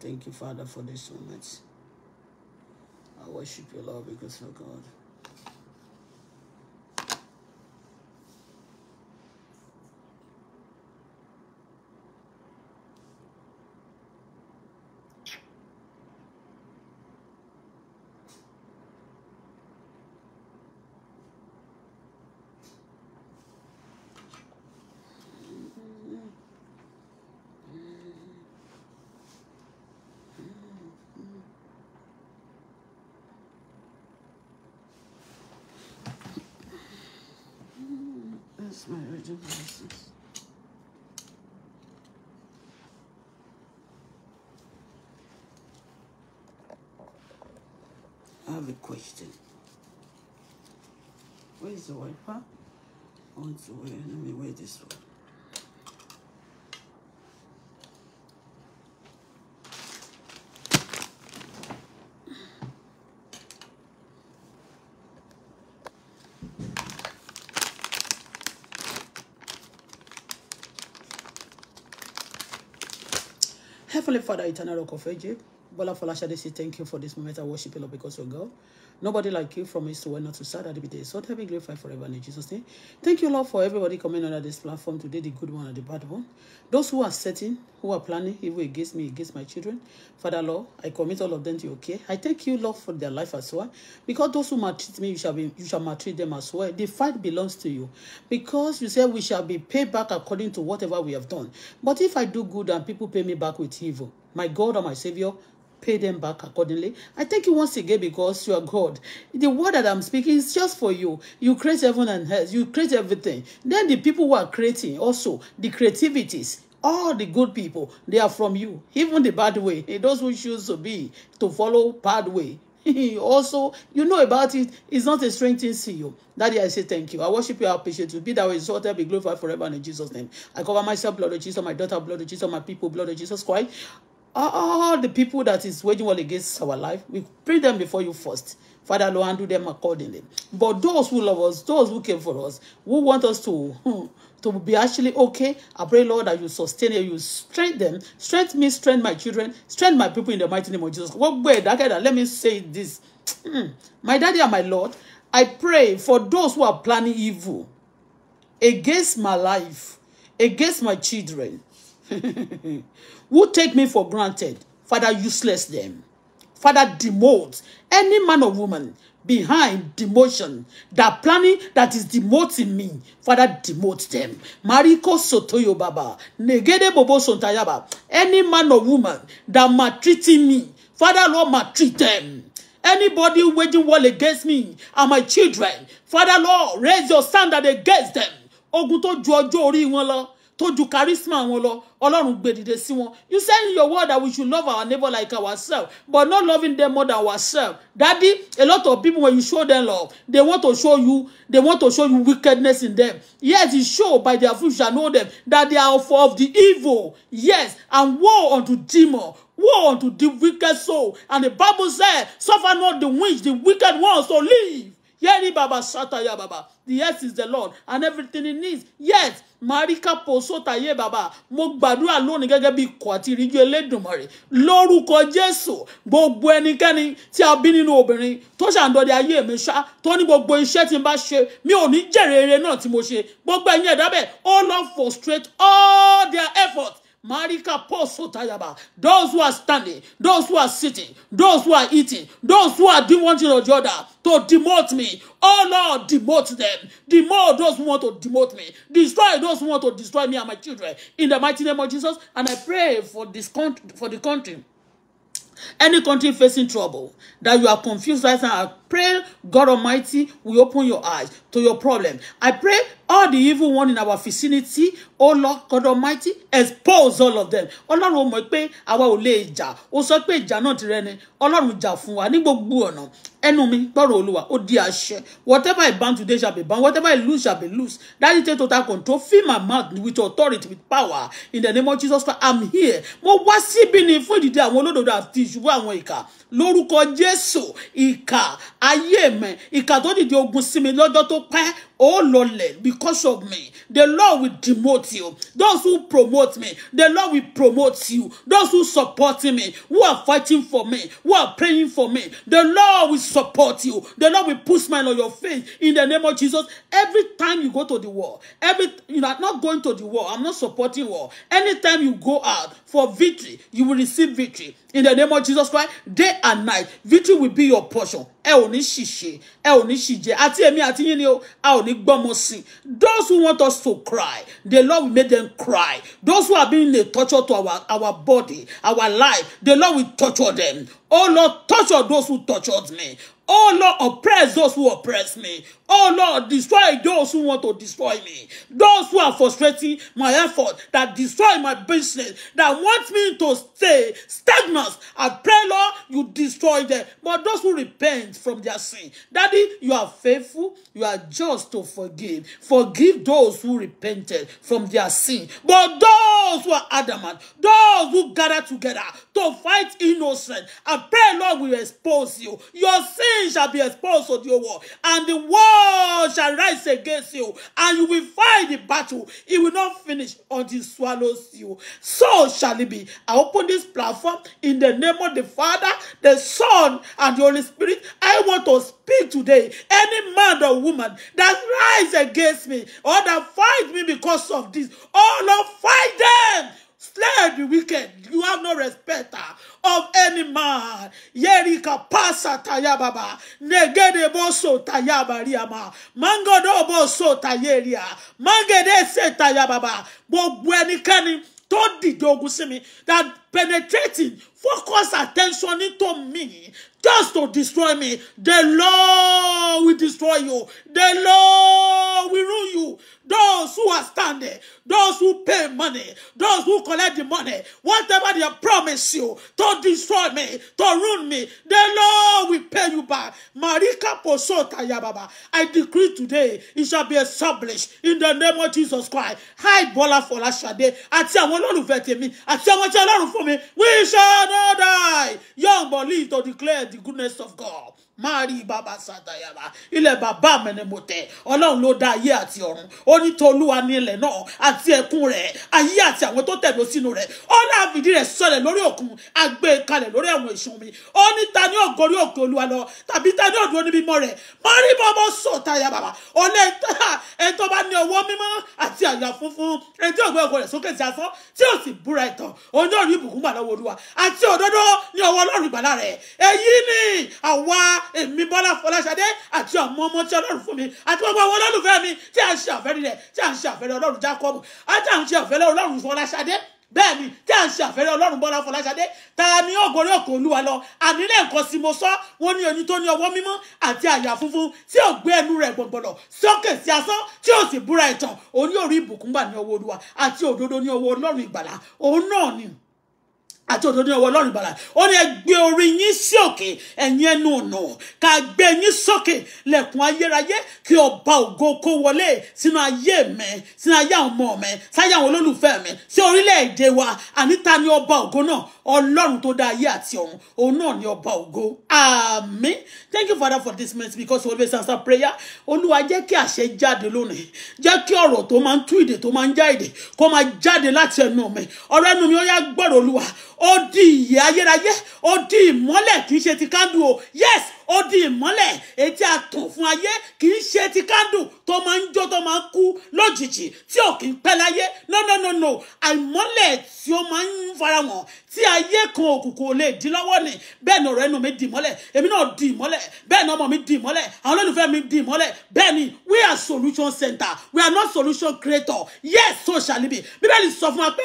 Thank you, Father, for this moment. I worship you, Lord, because, of God, I have a question. Where is the wiper? I want to let me wear this one. Heavenly Father, eternal rock of Egypt. Bola Falashade say thank you for this moment. I worship you, Lord, because you're God. Nobody like you from east to west, not to south, every day. So that be glorified forever in Jesus' name. Thank you, Lord, for everybody coming under this platform today, the good one and the bad one. Those who are setting, who are planning evil against me, against my children, Father, Lord, I commit all of them to you. Okay, I thank you, Lord, for their life as well. Because those who maltreat me, you shall be, you shall maltreat them as well. The fight belongs to you. Because you said we shall be paid back according to whatever we have done. But if I do good and people pay me back with evil, my God and my Savior, pay them back accordingly. I thank you once again because you are God. The word that I'm speaking is just for you. You create heaven and earth. You create everything. Then the people who are creating also, the creativities, all the good people, they are from you. Even the bad way, those who choose to be, to follow bad way, also, you know about it. It's not a strange thing to you. Daddy, I say thank you. I worship you. I appreciate you. Be thou exalted, be glorified forever in Jesus' name. I cover myself, blood of Jesus, my daughter, blood of Jesus, my people, blood of Jesus Christ all the people that is waging war against our life, we pray them before you first. Father, Lord, do them accordingly. But those who love us, those who came for us, who want us to hmm, to be actually okay, I pray, Lord, that you sustain them, you strengthen them, strengthen me, strengthen my children, strengthen my people in the mighty name of Jesus. What way that let me say this. Hmm, my daddy and my Lord, I pray for those who are planning evil against my life, against my children, who take me for granted father useless them father demote any man or woman behind demotion that planning that is demoting me father demote them mariko sotoyo baba negede bobo sontayaba any man or woman that maltreating me father lord maltreat them anybody waging war against me and my children father lord raise your standard against them ogun tó ju ọjọ́ orí tó ju charisma wọn lọ ọlọ́run gbé sí wọn you say in your word that we should love our neighbor like ourselves but not loving them more than ourselves daddy a lot of people when you show them love they want to show you they want to show you wickedness in them yes it show by their fruit shall know them that they are of, of the evil yes and war unto demon war unto the wicked soul and the bible said suffer not the witch the wicked ones to live yeri baba shataya baba the earth is the lord and everything he needs yes marika posotaye bàbá mo gbàdúrà lónìí gẹ́gẹ́ bí ikọ̀ àti ìríjú Elédùmarè lórúkọ Jésù gbogbo ẹnikẹ́ni tí a bí nínú obìnrin tó ṣàǹdọ̀dẹ ayé mi ṣá tó ní gbogbo iṣẹ́ tí n bá ṣe mi ò ní jèrè eré náà mo ṣe gbogbo ẹ̀yin ẹ̀dá bẹ́ẹ̀ all love frustrate all their efforts Marika Posotayaba. Those who are standing, those who are sitting, those who are eating, those who are doing one thing or the other to demote me. Oh Lord, demote them. Demote those who want to demote me. Destroy those who want to destroy me and my children. In the mighty name of Jesus. And I pray for this country, for the country. Any country facing trouble that you are confused right now pray God Almighty we open your eyes to your problem. I pray all the evil one in our vicinity, oh Lord God Almighty, expose all of them. Ọlọ́run ó mọ̀ pé àwa ò lè jà. Ó sọ pé ìjà náà tirẹ̀ ni. Ọlọ́run jà fún wa ní gbogbo ọ̀nà. Ẹnu mi gbọ́rọ̀ Olúwa ó di àṣẹ. Whatever I ban today shall be ban. Whatever I lose shall be loose. Daddy take total control. Fill my mouth with authority, with power. In the name of Jesus Christ, I'm here. Mo wá síbí ni fún ìdìde àwọn olódodo àti ìṣubú àwọn ìkà. Lórúkọ Jésù, ìkà ayé mi ìkà tó dìde ogun sí mi lọ́jọ́ tó pẹ́ Oh Lord, because of me, the Lord will demote you. Those who promote me, the Lord will promote you. Those who support me, who are fighting for me, who are praying for me, the Lord will support you. The Lord will put smile on your face in the name of Jesus. Every time you go to the war, every you are not going to the war, I'm not supporting war. Anytime you go out for victory, you will receive victory in the name of Jesus Christ. Day and night, victory will be your portion ní gbọ́mọ those who want us to cry the Lord will make them cry those who are being a torture to our our body our life the Lord will torture them oh Lord torture those who tortured me Oh Lord, oppress those who oppress me. Oh Lord, destroy those who want to destroy me. Those who are frustrating my effort, that destroy my business, that want me to stay stagnant. I pray, Lord, you destroy them. But those who repent from their sin, Daddy, you are faithful, you are just to forgive. Forgive those who repented from their sin. But those who are adamant, those who gather together to fight innocent, I pray, Lord, we expose you. Your sin sin shall be exposed to your whole world, and the world shall rise against you, and you will fight the battle. It will not finish until it swallows you. So shall it be. I open this platform in the name of the Father, the Son, and the Holy Spirit. I want to speak today. Any man or woman that rise against me or that fight me because of this, oh Lord, fight them Slay the wicked. You have no respect ah, of any man. Yerika pasa tayababa. Negede boso tayabariama. Mangodo boso tayeria. Mangede se tayababa. Gbogbo ẹnikẹ́ni tó dìde ogun sí mi that penetrating focus attention into me just to destroy me. The Lord will destroy you. The Lord will ruin you. Those who are standing, those who pay money, those who collect the money, whatever they promise you to destroy me, to ruin me, the Lord will pay you back. Marika Posota Yababa, I decree today it shall be established in the name of Jesus Christ. Hi Bola Fola Shade, àti àwọn olólùfẹ́ tèmi, àti àwọn tí Ọlọ́run fún mi, we shall not die. Young but to declare the goodness of God. máa rí bàbá sàtàyàbá ilẹ̀ bàbá mẹ́nẹ́mọ̀tẹ́ ọlọ́run ló dá ayé àti ọ̀run ó ní tolúwa ní ilẹ̀ náà àti ẹ̀kún rẹ̀ ayé àti àwọn tó tẹ̀dó sínú rẹ̀ ó ní àfìdí rẹ̀ sọlẹ̀ lórí òkun àgbẹ̀ e kalẹ̀ lórí àwọn èṣù mi ó ní ta ní ògorí òkè olúwa lọ tàbí ta ní òdúró níbi mọ́ rẹ̀ má rí bàbá sàtàyàbá ọ̀lẹ́ ẹni tó bá ní ọwọ́ mímọ́ àti àyà funfun ẹni tí ògbẹ́ ni àwa èmi bọ́lá fọláṣadé àti ọmọ ọmọ tí ọlọ́run fún mi àti gbogbo àwọn olólùfẹ́ mi tí à ń ṣe àfẹ́rí rẹ̀ tí à ń ṣe àfẹ́rí ọlọ́run jacob àti à ń ṣe àfẹ́rí ọlọ́run fọláṣadé bẹ́ẹ̀ ni tí à ń ṣe àfẹ́rí ọlọ́run bọ́lá fọláṣadé ta ni ògòrè òkè olúwa lọ àní lẹ́ẹ̀kan sí mo sọ wọn ní oyin tó ní ọwọ́ mímọ́ àti àyà funfun tí ò gbé ẹnu rẹ̀ gbọ̀ngbọ̀nọ̀ sókè sí asán tí ò sì búra ẹ̀tàn òun yóò rí ìbùkún gbà ní ọwọ́ olúwa àti òdodo ní ọwọ́ ọlọ́run ìgbàlà òun náà ni àti òdodo ọwọ́ ọlọ́run ìgbàlà ó ní ẹ gbé orí yín sí òkè ẹ̀yin ẹnu ọ̀nà ká gbé yín sókè lẹ̀kùn ayérayé kí ọba ògo kó wọlé sínú ayé mi sínú ayé àwọn ọmọ mi sáyé àwọn olólùfẹ́ mi sí orílẹ̀ wa àní ta ọba ògo náà ọlọ́run tó dá ayé àti ọ̀run òun náà ni ọba ògo àmín thank you father for this minute because you always answer prayer olúwa jẹ́ kí àṣẹ jáde lónìí jẹ́ kí ọ̀rọ̀ tó máa ń tú ìdè tó máa ń já ìdè kó máa jáde láti ẹnu mi ọ̀rọ̀ ẹnu mi ó yá gbọ́rọ̀ olúwa ó di ìyè ayérayé ó di ìmọ́lẹ̀ kì í ṣe ti kándù o yes ó di ìmọ́lẹ̀ etí àtàn fún ayé kì í ṣe ti kándù tó máa ń jó tó máa ń kú lójijì tí ò kì í pẹ́ láyé no no no no àìmọ́lẹ̀ tí ó máa ń farahàn tí ayé kan òkùnkùn ò lè di lọ́wọ́ ni bẹ́ẹ̀ ni ọ̀rọ̀ ẹnu mi di ìmọ́lẹ̀ èmi náà di ìmọ́lẹ̀ bẹ́ẹ̀ ni ọmọ mi di ìmọ́lẹ̀ àwọn olólùfẹ́ mi di ìmọ́lẹ̀ bẹ́ẹ̀ ni we are solution center we are not solution creator yes so shall it be bíbélì sọ fún wa pé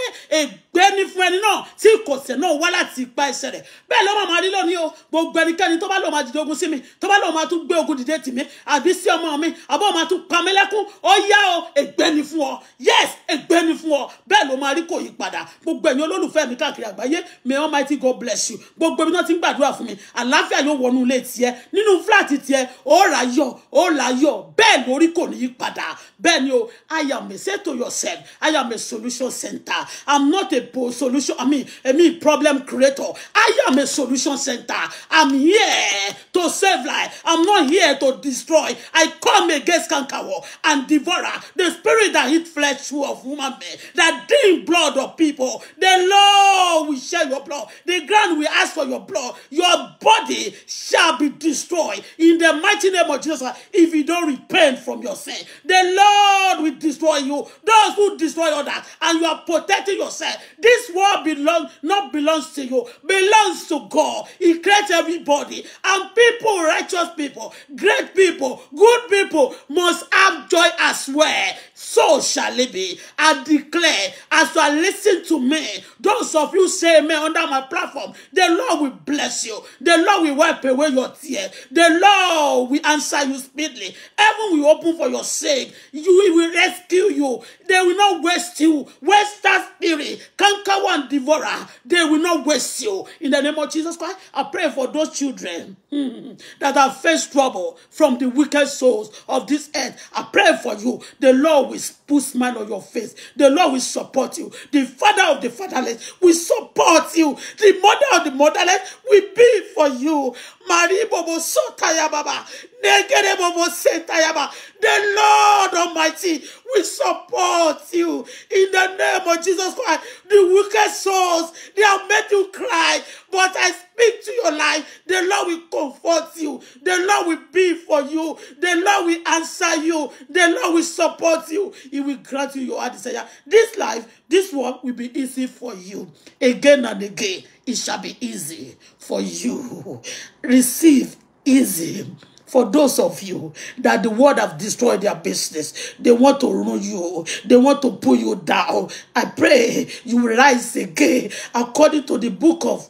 gbé ní fún ẹni náà tí ìkọ̀sẹ̀ náà wá láti ipa ẹsẹ̀ rẹ̀ bẹ́ẹ̀ lọ́mọ máa rí lónìí o gbogbo ẹnikẹ́ni tó bá lọ́ọ́ máa dìde ogun sí mi tó bá lọ́ọ́ máa tún gbé ogun dìde tì àbí sí ọmọ mi àbọ̀ máa tún pa mí lẹ́kún ó yá o ègbé ni fún ọ yes ègbé ni fún ọ bẹ́ẹ̀ ló máa rí kò yí padà gbogbo ẹ̀yin olólùfẹ́ mi káàkiri àgbáyé may almighty god bless you gbogbo ibi náà ti ń gbàdúrà fún mi àlàáfíà yóò wọnú ilé tiẹ̀ nínú fúláàtì tiẹ̀ ó láyọ̀ ó láyọ̀ bẹ́ẹ̀ lórí kò ní yí padà bẹ́ẹ̀ ni o i am a say to yourself i am a solution center i'm not a a solution, I mean, I mean, problem creator. I am a solution center. I'm here to save life. I'm not here to destroy. I come against cancer and devourer, the spirit that eat flesh of woman men, that drink blood of people. The Lord will share your blood. The ground will ask for your blood. Your body shall be destroyed in the mighty name of Jesus if you don't repent from your sin. The Lord will destroy you. Those who destroy others and you are protecting yourself This world belongs not belongs to you, belongs to God. He creates everybody. And people, righteous people, great people, good people must have joy as well. So shall it be. I declare, as you are listening to me, those of you say amen under my platform, the Lord will bless you. The Lord will wipe away your tears. The Lord will answer you speedily. Heaven will open for your sake. You will rescue you. They will not waste you. Waste that spirit. Can conqueror and devourer, they will not waste you. In the name of Jesus Christ, I pray for those children mm, that have faced trouble from the wicked souls of this earth. I pray for you. The Lord will put smile on your face. The Lord will support you. The father of the fatherless will support you. The mother of the motherless will be for you. Maribobo Sotayababa. Negerebobo Setayaba. The Lord Almighty will support you in the name of Jesus Christ. The wicked souls, they have made you cry, but I speak to your life. The Lord will comfort you. The Lord will be for you. The Lord will answer you. The Lord will support you. He will grant you your desire. This life, this one will be easy for you again and again it shall be easy for you. Receive easy for those of you that the world have destroyed their business. They want to ruin you. They want to pull you down. I pray you rise again according to the book of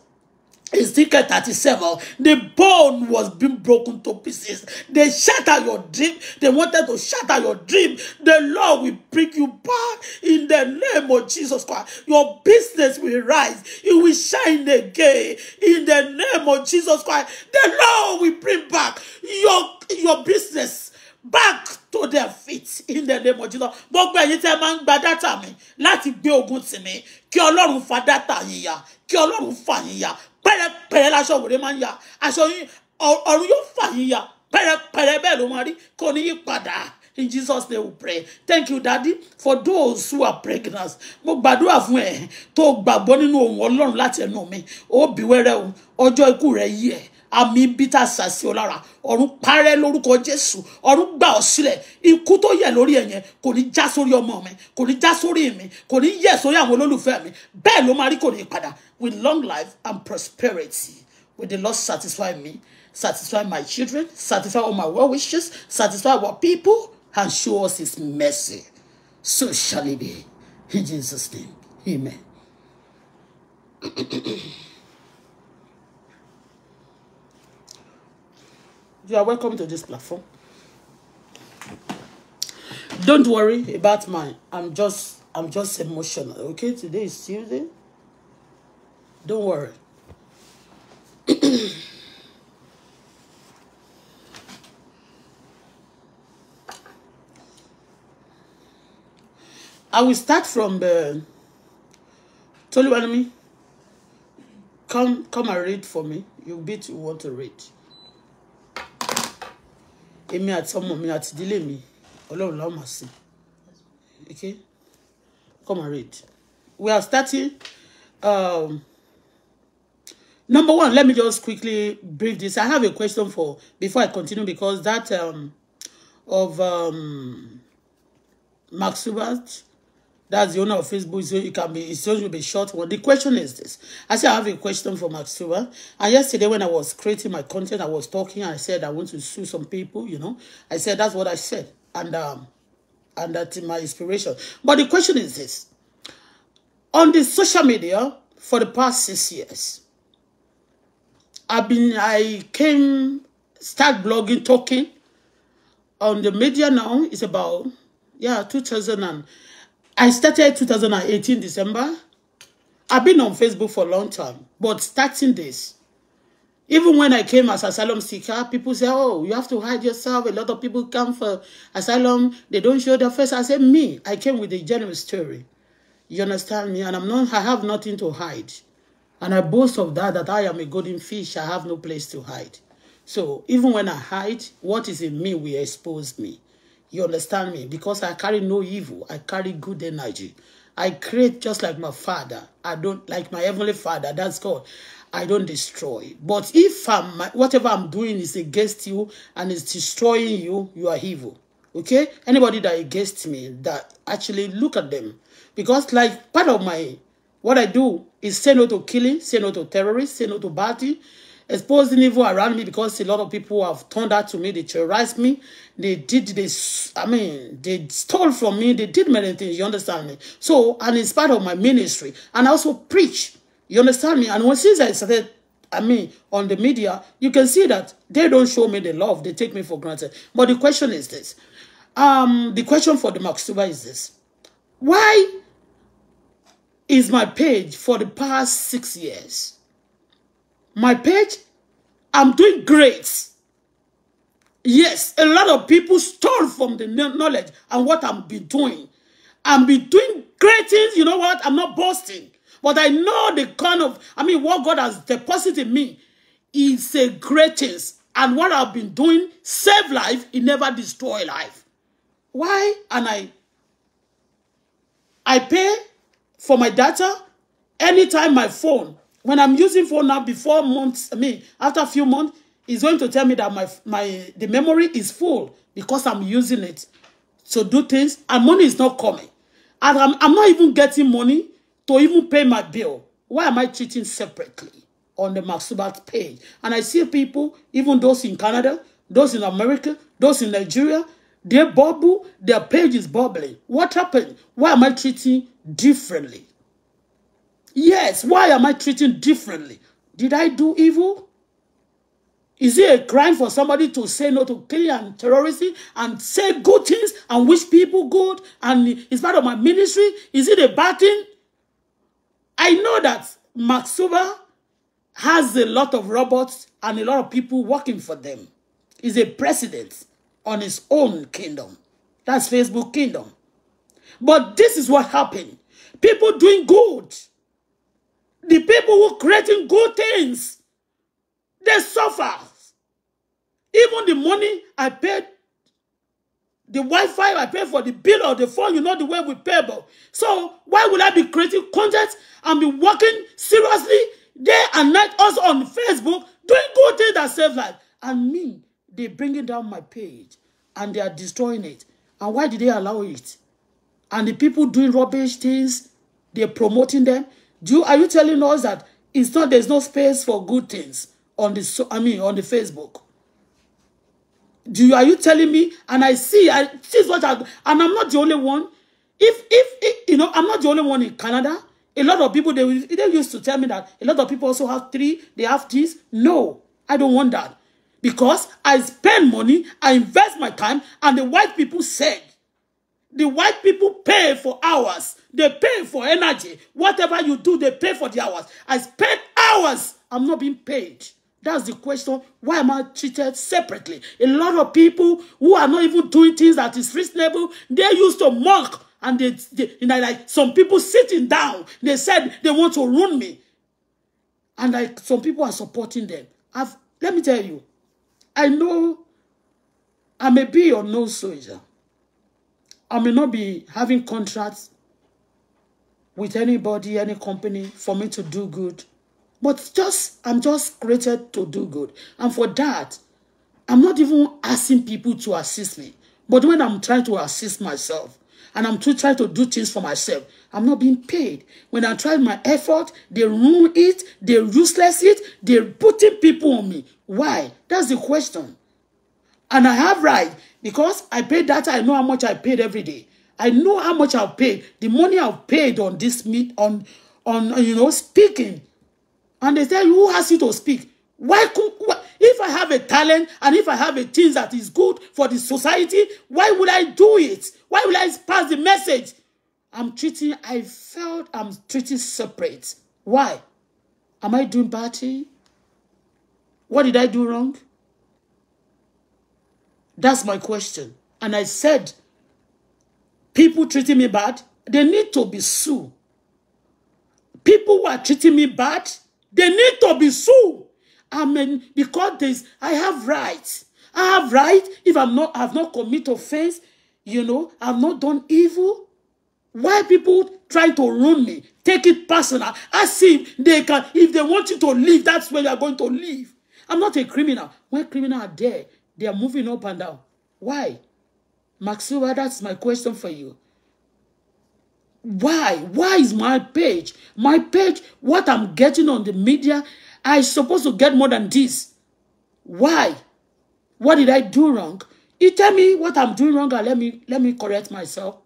Ezekiel 37, the bone was being broken to pieces. They shatter your dream. They wanted to shatter your dream. The Lord will bring you back in the name of Jesus Christ. Your business will rise. It will shine again in the name of Jesus Christ. The Lord will bring back your, your business back to their feet in the name of Jesus. Gbogbo ẹ̀yin tẹ́ máa ń gba dátà mi láti gbé ogun tì mí kí Ọlọ́run fa dátà yín ya kí Ọlọ́run fà yín ya pẹ̀rẹ̀pẹ̀rẹ̀ laṣọ òwúrẹ́ máa ń ya aṣọ yín ọ̀run yóò fà yín ya pẹ̀rẹ̀pẹ̀rẹ̀ bẹ́ẹ̀ ló máa rí kò ní yí padà in Jesus name we pray thank you daddy for those who are pregnant mo gbàdúrà fún ẹ tó gbàgbọ́ nínú ohun Ọlọ́run láti ẹnu mi ó bí wẹ́rẹ́ o ọjọ́ ikú rẹ yí ẹ àmì ibi tá a sà sí lórúkọ jésù ọ̀run gbà ọ́ sílẹ̀ ikú tó yẹ lórí ẹ̀yẹn kò ní já sórí ọmọ mi kò ní já sórí mi kò ní yẹ sórí àwọn olólùfẹ́ mi bẹ́ẹ̀ ló máa rí kò ní padà with long life and prosperity with the Lord satisfy me satisfy my children satisfy all my well wishes satisfy our people and show us his mercy so shall it be in Jesus' name amen. You are welcome to this platform. Don't worry about mine. I'm just I'm just emotional. Okay, today is Tuesday. Don't worry. I will start from Tell you uh, Toluwanimi. Come, come and read for me. You bit you want to read èmi àti ọmọ mi àti ìdílé mi ọlọ́run láwọn máa sìn okay come and read we are starting um, number one let me just quickly brief this i have a question for before i continue because that um, of um, Max Subert That's the owner of Facebook. So you can be, it's going to be short one. The question is this. I said, I have a question for Maxuba. And yesterday when I was creating my content, I was talking. I said, I want to sue some people, you know. I said, that's what I said. And, um, and that's my inspiration. But the question is this. On the social media, for the past six years, I've been, I came, start blogging, talking on the media now. It's about, yeah, 2000 and, I started 2018 December. I've been on Facebook for a long time, but starting this, even when I came as asylum seeker, people say, oh, you have to hide yourself. A lot of people come for asylum. They don't show their face. I said, me, I came with a genuine story. You understand me? And I'm not, I have nothing to hide. And I boast of that, that I am a golden fish. I have no place to hide. So even when I hide, what is in me will expose me. You understand me? Because I carry no evil. I carry good energy. I create just like my father. I don't like my heavenly father. That's God. I don't destroy. But if I'm whatever I'm doing is against you and is destroying you, you are evil. Okay? Anybody that against me, that actually look at them. Because like part of my what I do is say no to killing, say no to terrorists, say no to party, exposing evil around me because a lot of people have turned out to me. They terrorized me. They did this. I mean, they stole from me. They did many things. You understand me? So, and in spite of my ministry, and I also preach. You understand me? And when since I started, I mean, on the media, you can see that they don't show me the love. They take me for granted. But the question is this. Um, the question for the Maxuba is this. Why is my page for the past six years my page, I'm doing great. Yes, a lot of people stole from the knowledge and what I'm been doing. I'm been doing great things. You know what? I'm not boasting. But I know the kind of, I mean, what God has deposited me is a great things. And what I've been doing, save life, it never destroy life. Why? And I, I pay for my data anytime my phone when I'm using phone now before months, I mean, after a few months, it's going to tell me that my, my the memory is full because I'm using it to do things and money is not coming. And I'm, I'm not even getting money to even pay my bill. Why am I treating separately on the Maxubat page? And I see people, even those in Canada, those in America, those in Nigeria, they bubble, their page is bubbling. What happened? Why am I treating differently? Yes, why am I treating differently? Did I do evil? Is it a crime for somebody to say no to killing and terrorism and say good things and wish people good and it's part of my ministry? Is it a bad thing? I know that Mark has a lot of robots and a lot of people working for them. He's a president on his own kingdom. That's Facebook kingdom. But this is what happened. People doing good The people who creating good things, they suffer. Even the money I paid, the Wi-Fi I paid for, the bill or the phone, you know the way we pay. But so why would I be creating content and be working seriously day and night also on Facebook doing good things that save life? And me, they bringing down my page and they are destroying it. And why did they allow it? And the people doing rubbish things, they're promoting them. Do you, are you telling us that it's not there's no space for good things on the I mean on the Facebook? Do you are you telling me? And I see I this is what I and I'm not the only one. If, if if you know I'm not the only one in Canada. A lot of people they they used to tell me that a lot of people also have three, they have this. No, I don't want that because I spend money, I invest my time, and the white people said The white people pay for hours. They pay for energy. Whatever you do, they pay for the hours. I spent hours. I'm not being paid. That's the question. Why am I treated separately? A lot of people who are not even doing things that is reasonable, they used to mock. And they, they you know, like some people sitting down, they said they want to ruin me. And like some people are supporting them. I've, let me tell you, I know I may be your no soldier. I may not be having contracts with anybody, any company for me to do good. But just I'm just created to do good. And for that, I'm not even asking people to assist me. But when I'm trying to assist myself and I'm too trying to do things for myself, I'm not being paid. When I try my effort, they ruin it, they useless it, they're putting people on me. Why? That's the question. And I have right because I paid that. I know how much I paid every day. I know how much I've paid. The money I've paid on this meet on on you know speaking. And they say, who has you to speak? Why could why, if I have a talent and if I have a thing that is good for the society, why would I do it? Why would I pass the message? I'm treating, I felt I'm treating separate. Why? Am I doing bad thing? What did I do wrong? That's my question. And I said, people treating me bad, they need to be sued. People who are treating me bad, they need to be sued. I mean, because this, I have rights. I have rights. if I'm not, I've not committed offense, you know, I've not done evil. Why people trying to ruin me? Take it personal. I see they can, if they want you to leave, that's where you're going to leave. I'm not a criminal. When criminals are there, They are moving up and down. Why? Maxuba, that's my question for you. Why? Why is my page? My page, what I'm getting on the media, I supposed to get more than this. Why? What did I do wrong? You tell me what I'm doing wrong and let me let me correct myself.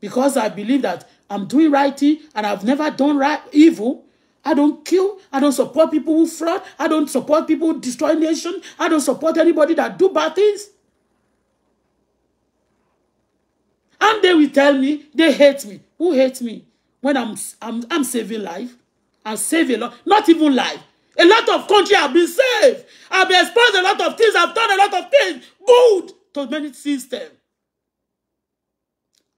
Because I believe that I'm doing right and I've never done right evil. I don't kill. I don't support people who fraud. I don't support people who destroy nation. I don't support anybody that do bad things. And they will tell me they hate me. Who hates me? When I'm I'm I'm saving life. I'm saving a Not even life. A lot of country have been saved. I've been exposed a lot of things. I've done a lot of things. Good to many systems.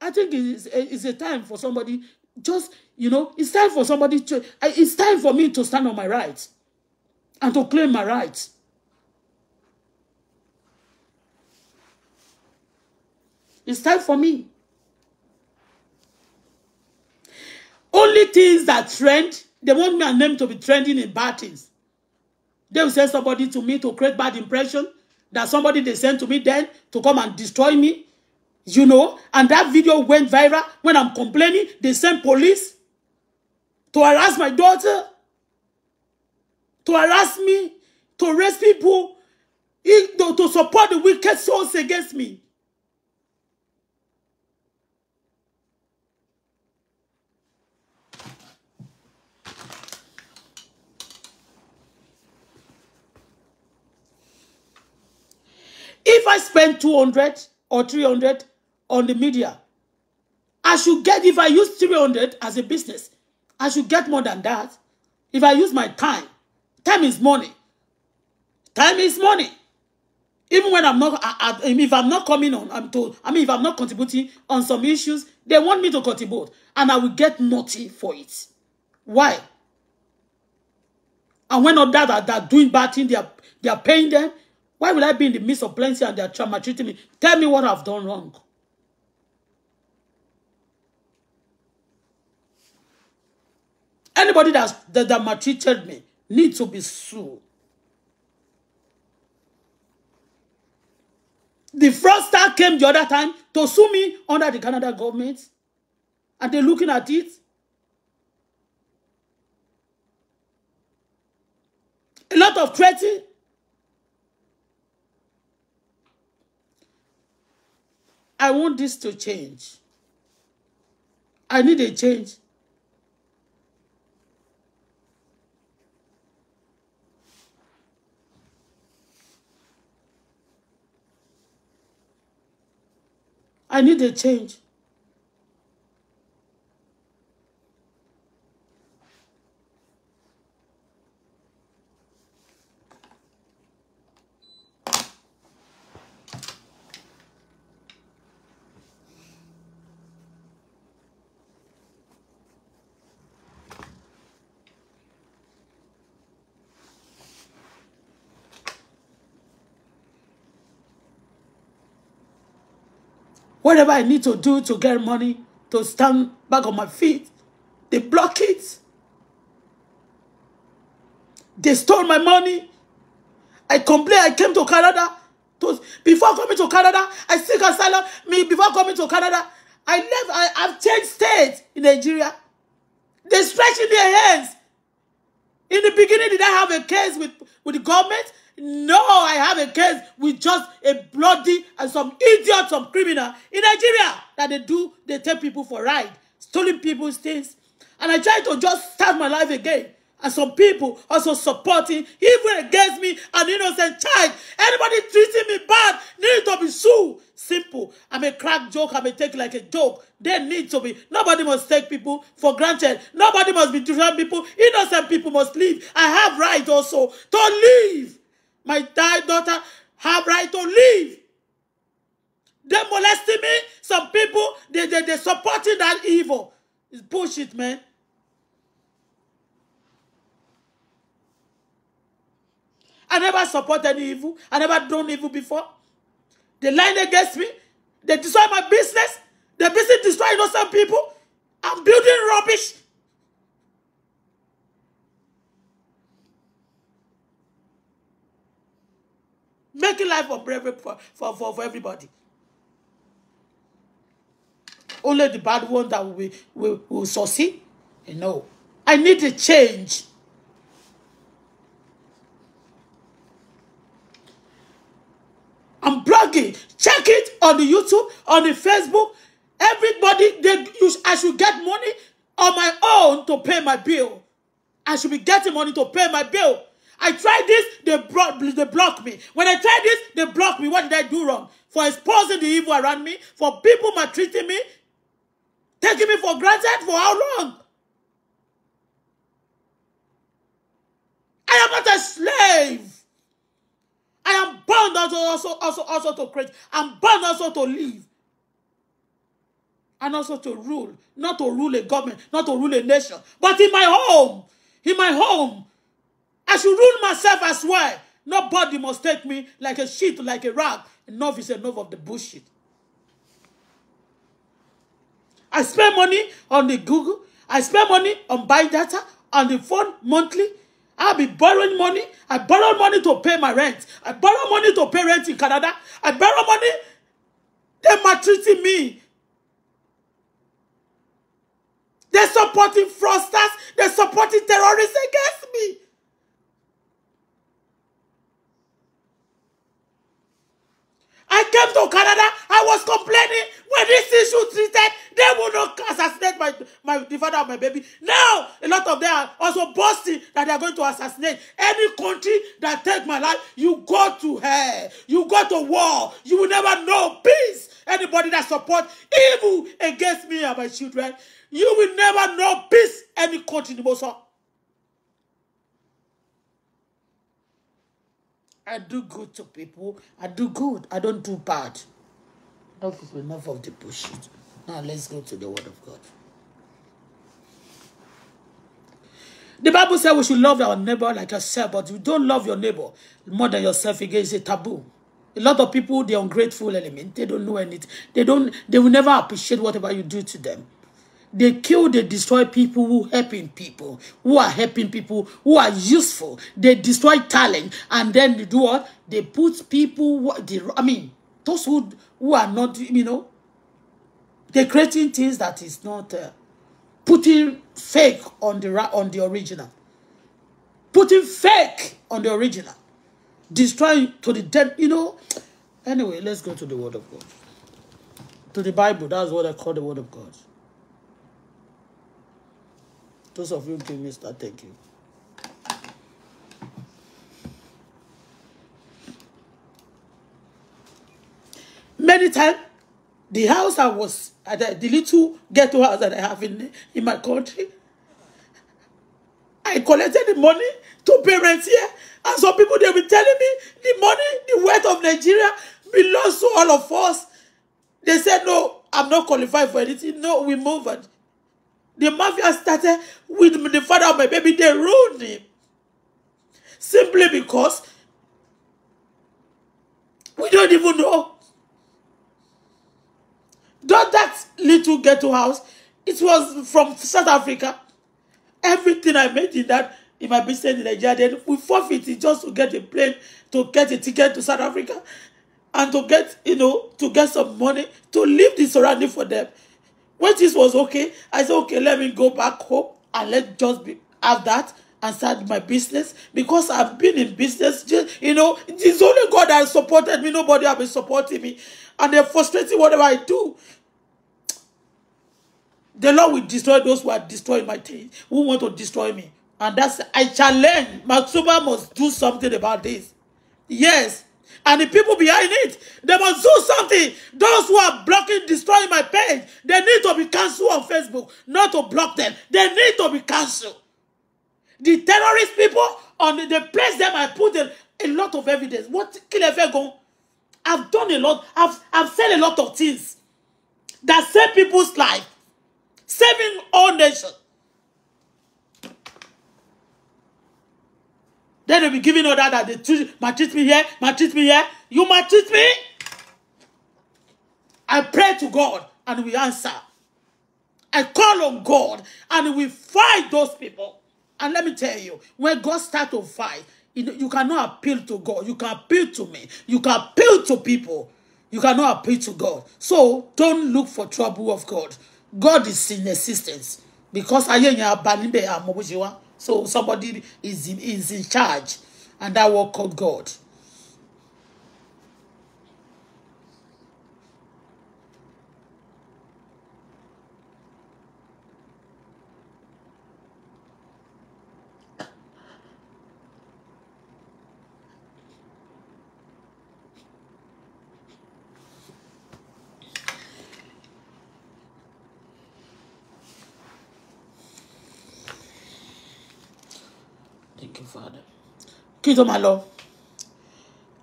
I think it's, it's a time for somebody just you know it's time for somebody to it's time for me to stand on my rights and to claim my rights. It's time for me. Only things that trend, they want my name to be trending in bad things. They will send somebody to me to create bad impression that somebody they send to me then to come and destroy me You know, and that video went viral. When I'm complaining, they sent police to harass my daughter, to harass me, to raise people, to support the wicked souls against me. If I spend 200 or 300 on the media. I should get, if I use 300 as a business, I should get more than that. If I use my time, time is money. Time is money. Even when I'm not, I, I, if I'm not coming on, I'm told, I mean, if I'm not contributing on some issues, they want me to contribute and I will get nothing for it. Why? And when others are, are doing bad things, they are, they are paying them. Why will I be in the midst of plenty and they are treating me? Tell me what I've done wrong. Anybody that, that, that maltreated me need to be sued. The fraudster came the other time to sue me under the Canada government. And they're looking at it. A lot of threatening. I want this to change. I need a change. I need a change. Whatever I need to do to get money to stand back on my feet, they block it. They stole my money. I complained I came to Canada. To, before coming to Canada, I seek asylum. Me before coming to Canada, I left. I, I've changed states in Nigeria. They're stretching their hands. In the beginning, did I have a case with, with the government? No, I have a case with just a bloody and some idiot, some criminal in Nigeria that they do, they take people for ride, stealing people's things. And I try to just start my life again. And some people also supporting, even against me, an innocent child. Anybody treating me bad needs to be sued. Simple. I'm a crack joke, I'm may take like a joke. They need to be. Nobody must take people for granted. Nobody must be treating people. Innocent people must leave. I have right also to leave. My die daughter have right to live. They molesting me. Some people, they, they, they supporting that evil. It's bullshit, man. I never support any evil. I never done evil before. They lying against me. They destroy my business. The business destroy innocent people. I'm building rubbish. making life for every for for for everybody. Only the bad one that will will, will succeed. You know, I need a change. I'm blogging. Check it on the YouTube, on the Facebook. Everybody, they, you, I should get money on my own to pay my bill. I should be getting money to pay my bill. I tried this, they, brought, they blocked me. When I tried this, they blocked me. What did I do wrong? For exposing the evil around me, for people maltreating me, taking me for granted for how long? I am not a slave. I am bound also, also, also, also to create. I'm bound also to live. And also to rule. Not to rule a government, not to rule a nation. But in my home, in my home, I should rule myself as well. Nobody must take me like a sheet, like a rag. Enough is enough of the bullshit. I spend money on the Google. I spend money on buy data on the phone monthly. I'll be borrowing money. I borrow money to pay my rent. I borrow money to pay rent in Canada. I borrow money. They're maltreating me. They're supporting fraudsters. They're supporting terrorists against me. I came to Canada. I was complaining when this issue treated, they will not assassinate my, my the father of my baby. Now, a lot of them are also boasting that they are going to assassinate any country that take my life. You go to hell. You go to war. You will never know peace. Anybody that support evil against me and my children, you will never know peace. Any country in the most I do good to people. I do good. I don't do bad. Enough enough of the bullshit. Now let's go to the word of God. The Bible says we should love our neighbor like ourselves, but you don't love your neighbor more than yourself again. It's a taboo. A lot of people, they're ungrateful element. They don't know anything. They don't, they will never appreciate whatever you do to them. They kill, they destroy people who helping people, who are helping people, who are useful. They destroy talent, and then they do what? They put people, who, I mean, those who, who are not, you know, they're creating things that is not uh, putting fake on the, on the original. Putting fake on the original. Destroying to the dead, you know. Anyway, let's go to the Word of God. To the Bible, that's what I call the Word of God. Those of you who gave me star, thank you. Many times, the house I was at, the, the little ghetto house that I have in, in my country, I collected the money to parents here. And some people, they were telling me the money, the wealth of Nigeria belongs to all of us. They said, no, I'm not qualified for anything. No, we moved. The mafia started with the father of my baby. They ruined him. Simply because we don't even know. Not that little ghetto house. It was from South Africa. Everything I made in that, in my business in Nigeria, then we forfeited just to get a plane, to get a ticket to South Africa, and to get, you know, to get some money, to leave the surrounding for them. When this was okay, I said, okay, let me go back home and let just be, have that and start my business because I've been in business. Just, you know, it's only God that supported me. Nobody has been supporting me. And they're frustrating whatever I do. The Lord will destroy those who are destroying my things, who want to destroy me. And that's, I challenge, Maxuma must do something about this. Yes, And the people behind it, they must do something. Those who are blocking, destroying my page, they need to be cancelled on Facebook, not to block them. They need to be cancelled. The terrorist people, on the, they place them, I put them, a lot of evidence. What Kilefegon? I've done a lot. I've, I've said a lot of things that save people's life, saving all nations. Then they'll be giving order that they treat, maltreat me here, treat me here. You treat me? I pray to God and we answer. I call on God and we fight those people. And let me tell you, when God starts to fight, you, cannot appeal to God. You can appeal to me. You can appeal to people. You cannot appeal to God. So don't look for trouble of God. God is in existence. Because ayé yẹn abá níbẹ̀ àmọ́ bó ṣe So somebody is in, is in charge, and that work called God. kí n tó máa lọ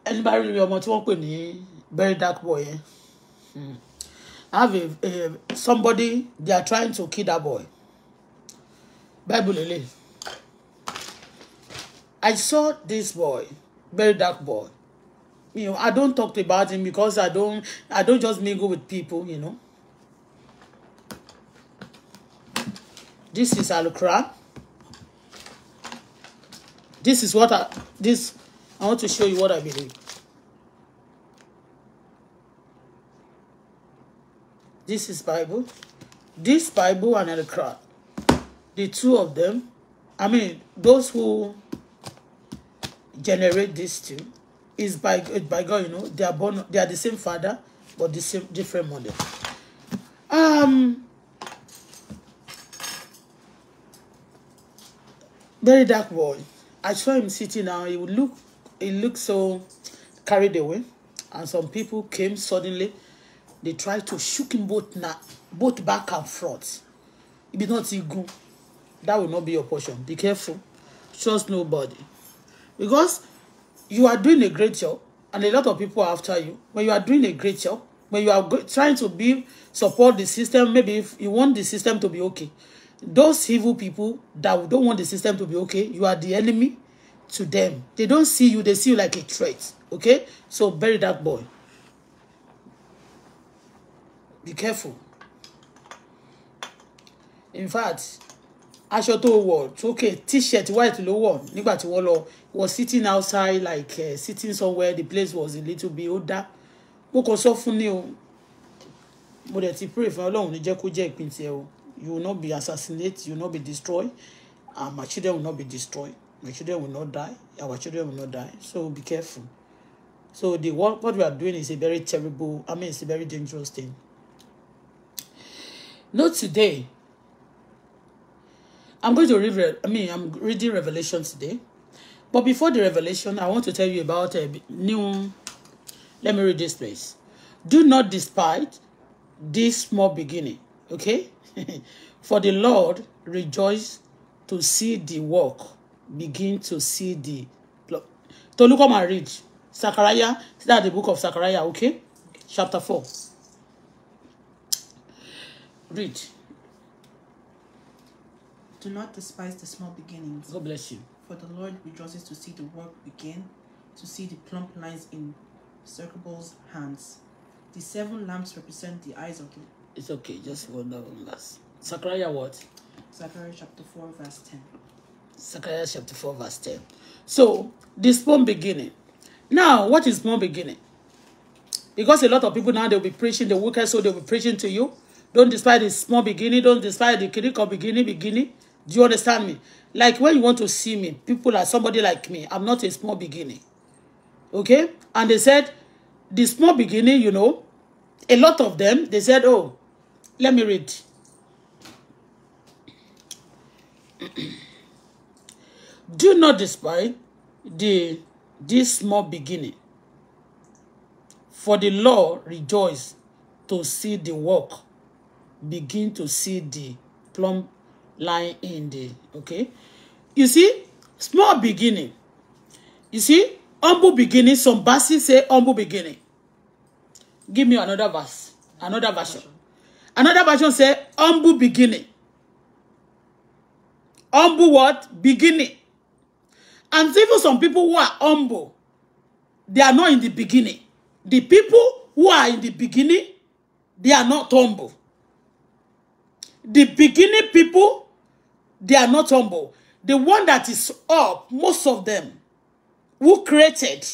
ẹni bá rí ọmọ tí wọ́n pè ní very dark boy yẹn eh? hmm. I have a, a somebody they are trying to kill that boy bible lele I saw this boy very dark boy you know I don't talk about him because I don't I don't just mingle with people you know this is alukra This is what I this I want to show you what I believe. This is Bible. This Bible and crowd, The two of them. I mean, those who generate these two is by by God, you know, they are born they are the same father, but the same different mother. Um very dark world. I saw him sitting now. He would look, he looked so carried away. And some people came suddenly. They tried to shook him both, na both back and front. It be not ego. That will not be your portion. Be careful. Trust nobody. Because you are doing a great job and a lot of people are after you. When you are doing a great job, when you are trying to be support the system, maybe if you want the system to be okay, those evil people that don't want the system to be okay, you are the enemy to them. They don't see you, they see you like a threat. Okay? So bury that boy. Be careful. In fact, aṣọ tó wọ̀ tókè t-shirt white ló wọ̀ nígbà tí wọ́n lọ was sitting outside like uh, sitting somewhere the place was a little bit older. Mo kàn sọ fún ni o. Mo dẹ̀ ti long. fún Ọlọ́run ní jẹ́ kó jẹ́ ìpín You will not be assassinated. You will not be destroyed. And my children will not be destroyed. My children will not die. Our children will not die. So be careful. So the what, what we are doing is a very terrible, I mean, it's a very dangerous thing. Not today. I'm going to read, I mean, I'm reading Revelation today. But before the revelation, I want to tell you about a uh, new, let me read this place. Do not despise this small beginning, okay? For the Lord rejoiced to see the work begin to see the. To look at my read. Zechariah, That the book of Zechariah, okay? Chapter 4. Read. Do not despise the small beginnings. God bless you. For the Lord rejoices to see the work begin, to see the plump lines in Circle's hands. The seven lamps represent the eyes of the It's okay, just one that one last. Zechariah what? Zechariah chapter 4, verse 10. Zechariah chapter 4, verse 10. So, the small beginning. Now, what is small beginning? Because a lot of people now, they'll be preaching the wicked, so they'll be preaching to you. Don't despise the small beginning. Don't despise the critical beginning, beginning. Do you understand me? Like when you want to see me, people are somebody like me. I'm not a small beginning. Okay? And they said, the small beginning, you know, a lot of them, they said, oh, Let me read. Do not despise the this small beginning, for the Lord rejoice to see the work begin to see the plumb line in the okay. You see, small beginning. You see, humble beginning. Some verses say humble beginning. Give me another verse, another version. Another version say humble beginning. Humble what? Beginning. And even some people who are humble, they are not in the beginning. The people who are in the beginning, they are not humble. The beginning people, they are not humble. The one that is up, most of them, who created,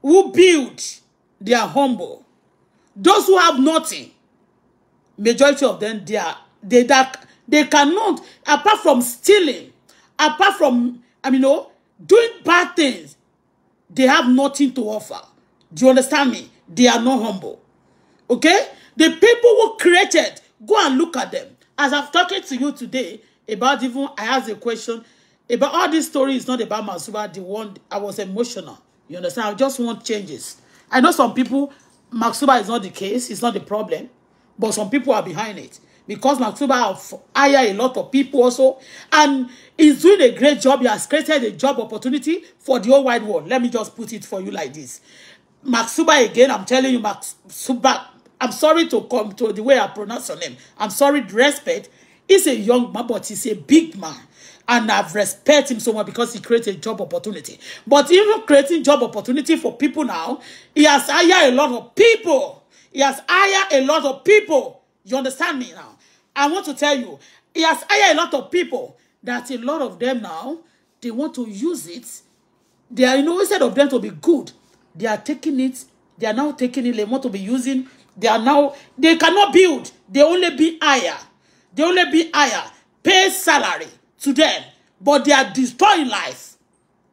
who built, they are humble. Those who have nothing, majority of them they are they that they cannot apart from stealing apart from i mean you know, doing bad things they have nothing to offer do you understand me they are not humble okay the people who created go and look at them as i'm talking to you today about even i asked a question about all this story is not about Masuba the one i was emotional you understand i just want changes i know some people Masuba is not the case it's not the problem but some people are behind it because Maxuba have hired a lot of people also and he's doing a great job. He has created a job opportunity for the whole wide world. Let me just put it for you like this. Maxuba again, I'm telling you, Maxuba, I'm sorry to come to the way I pronounce your name. I'm sorry, respect. He's a young man, but he's a big man. And I've respect him so much because he created a job opportunity. But even creating job opportunity for people now, he has hired a lot of people He has hired a lot of people. You understand me now? I want to tell you, he has hired a lot of people that a lot of them now, they want to use it. They are, you know, instead of them to be good, they are taking it. They are now taking it. They want to be using. They are now, they cannot build. They only be higher. They only be higher. Pay salary to them. But they are destroying life.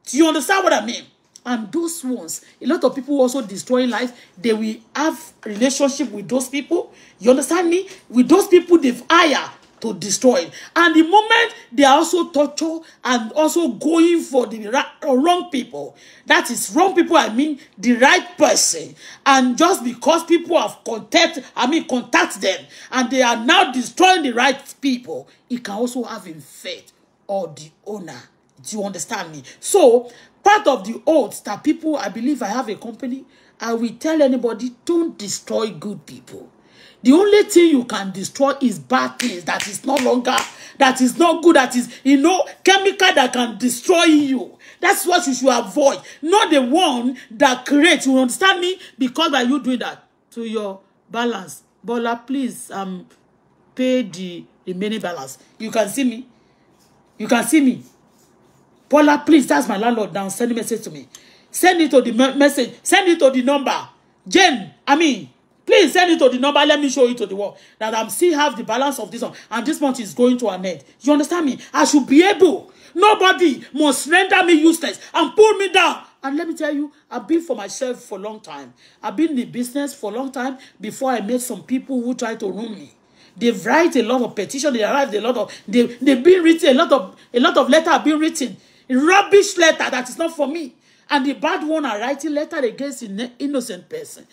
Do you understand what I mean? and those ones a lot of people also destroying life they will have relationship with those people you understand me with those people they've hired to destroy and the moment they are also torture and also going for the right, wrong people that is wrong people i mean the right person and just because people have contact i mean contact them and they are now destroying the right people it can also have effect or the owner Do you understand me? So, part of the oaths that people, I believe I have a company, I will tell anybody, don't destroy good people. The only thing you can destroy is bad things that is no longer, that is not good, that is, you know, chemical that can destroy you. That's what you should avoid. Not the one that creates, you understand me? Because by you doing that to your balance, Bola, please um, pay the remaining balance. You can see me. You can see me. Paula, please, that's my landlord Now Send a message to me. Send it to the message. Send it to the number. Jane, I mean, please send it to the number. Let me show it to the world that I'm still have the balance of this one. And this month is going to an end. You understand me? I should be able. Nobody must render me useless and pull me down. And let me tell you, I've been for myself for a long time. I've been in the business for a long time before I met some people who tried to ruin me. They've write a lot of petition, they arrived a lot of they they've been written, a lot of a lot of letter have been written. Rubbish letter that is not for me. And the bad one are writing letter against innocent person,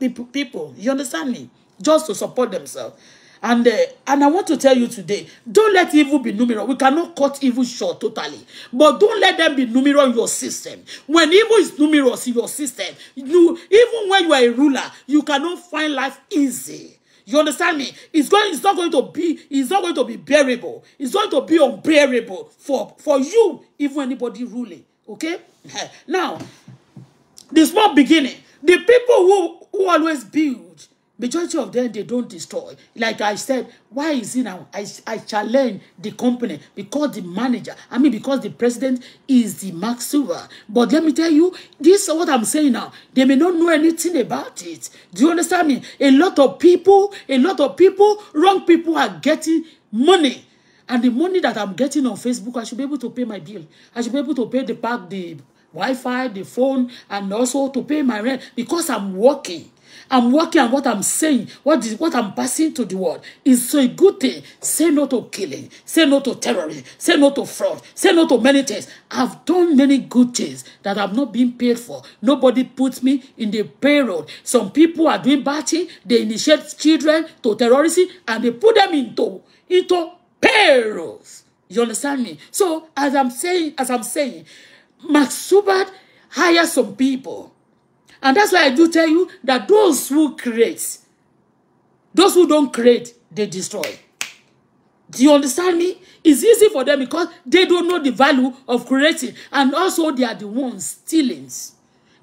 people, people. You understand me? Just to support themselves. And uh, and I want to tell you today, don't let evil be numeral. We cannot cut evil short totally. But don't let them be numeral in your system. When evil is numerous in your system, you even when you are a ruler, you cannot find life easy. You understand me? It's going. It's not going to be. It's not going to be bearable. It's going to be unbearable for for you, even anybody ruling. Okay. now, the small beginning. The people who who always build majority of them they don't destroy like i said why is it now i i challenge the company because the manager i mean because the president is the mark silver but let me tell you this is what i'm saying now they may not know anything about it do you understand me a lot of people a lot of people wrong people are getting money and the money that i'm getting on facebook i should be able to pay my bill i should be able to pay the back the Wi-Fi, the phone, and also to pay my rent because I'm working. I'm working on what I'm saying, what is what I'm passing to the world. It's a good thing. Say no to killing. Say no to terrorism. Say no to fraud. Say no to many things. I've done many good things that have not been paid for. Nobody puts me in the payroll. Some people are doing bad things. They initiate children to terrorism and they put them into into payrolls. You understand me? So as I'm saying, as I'm saying, Max Subad hired some people And that's why I do tell you that those who create, those who don't create, they destroy. Do you understand me? It's easy for them because they don't know the value of creating. And also, they are the ones stealing.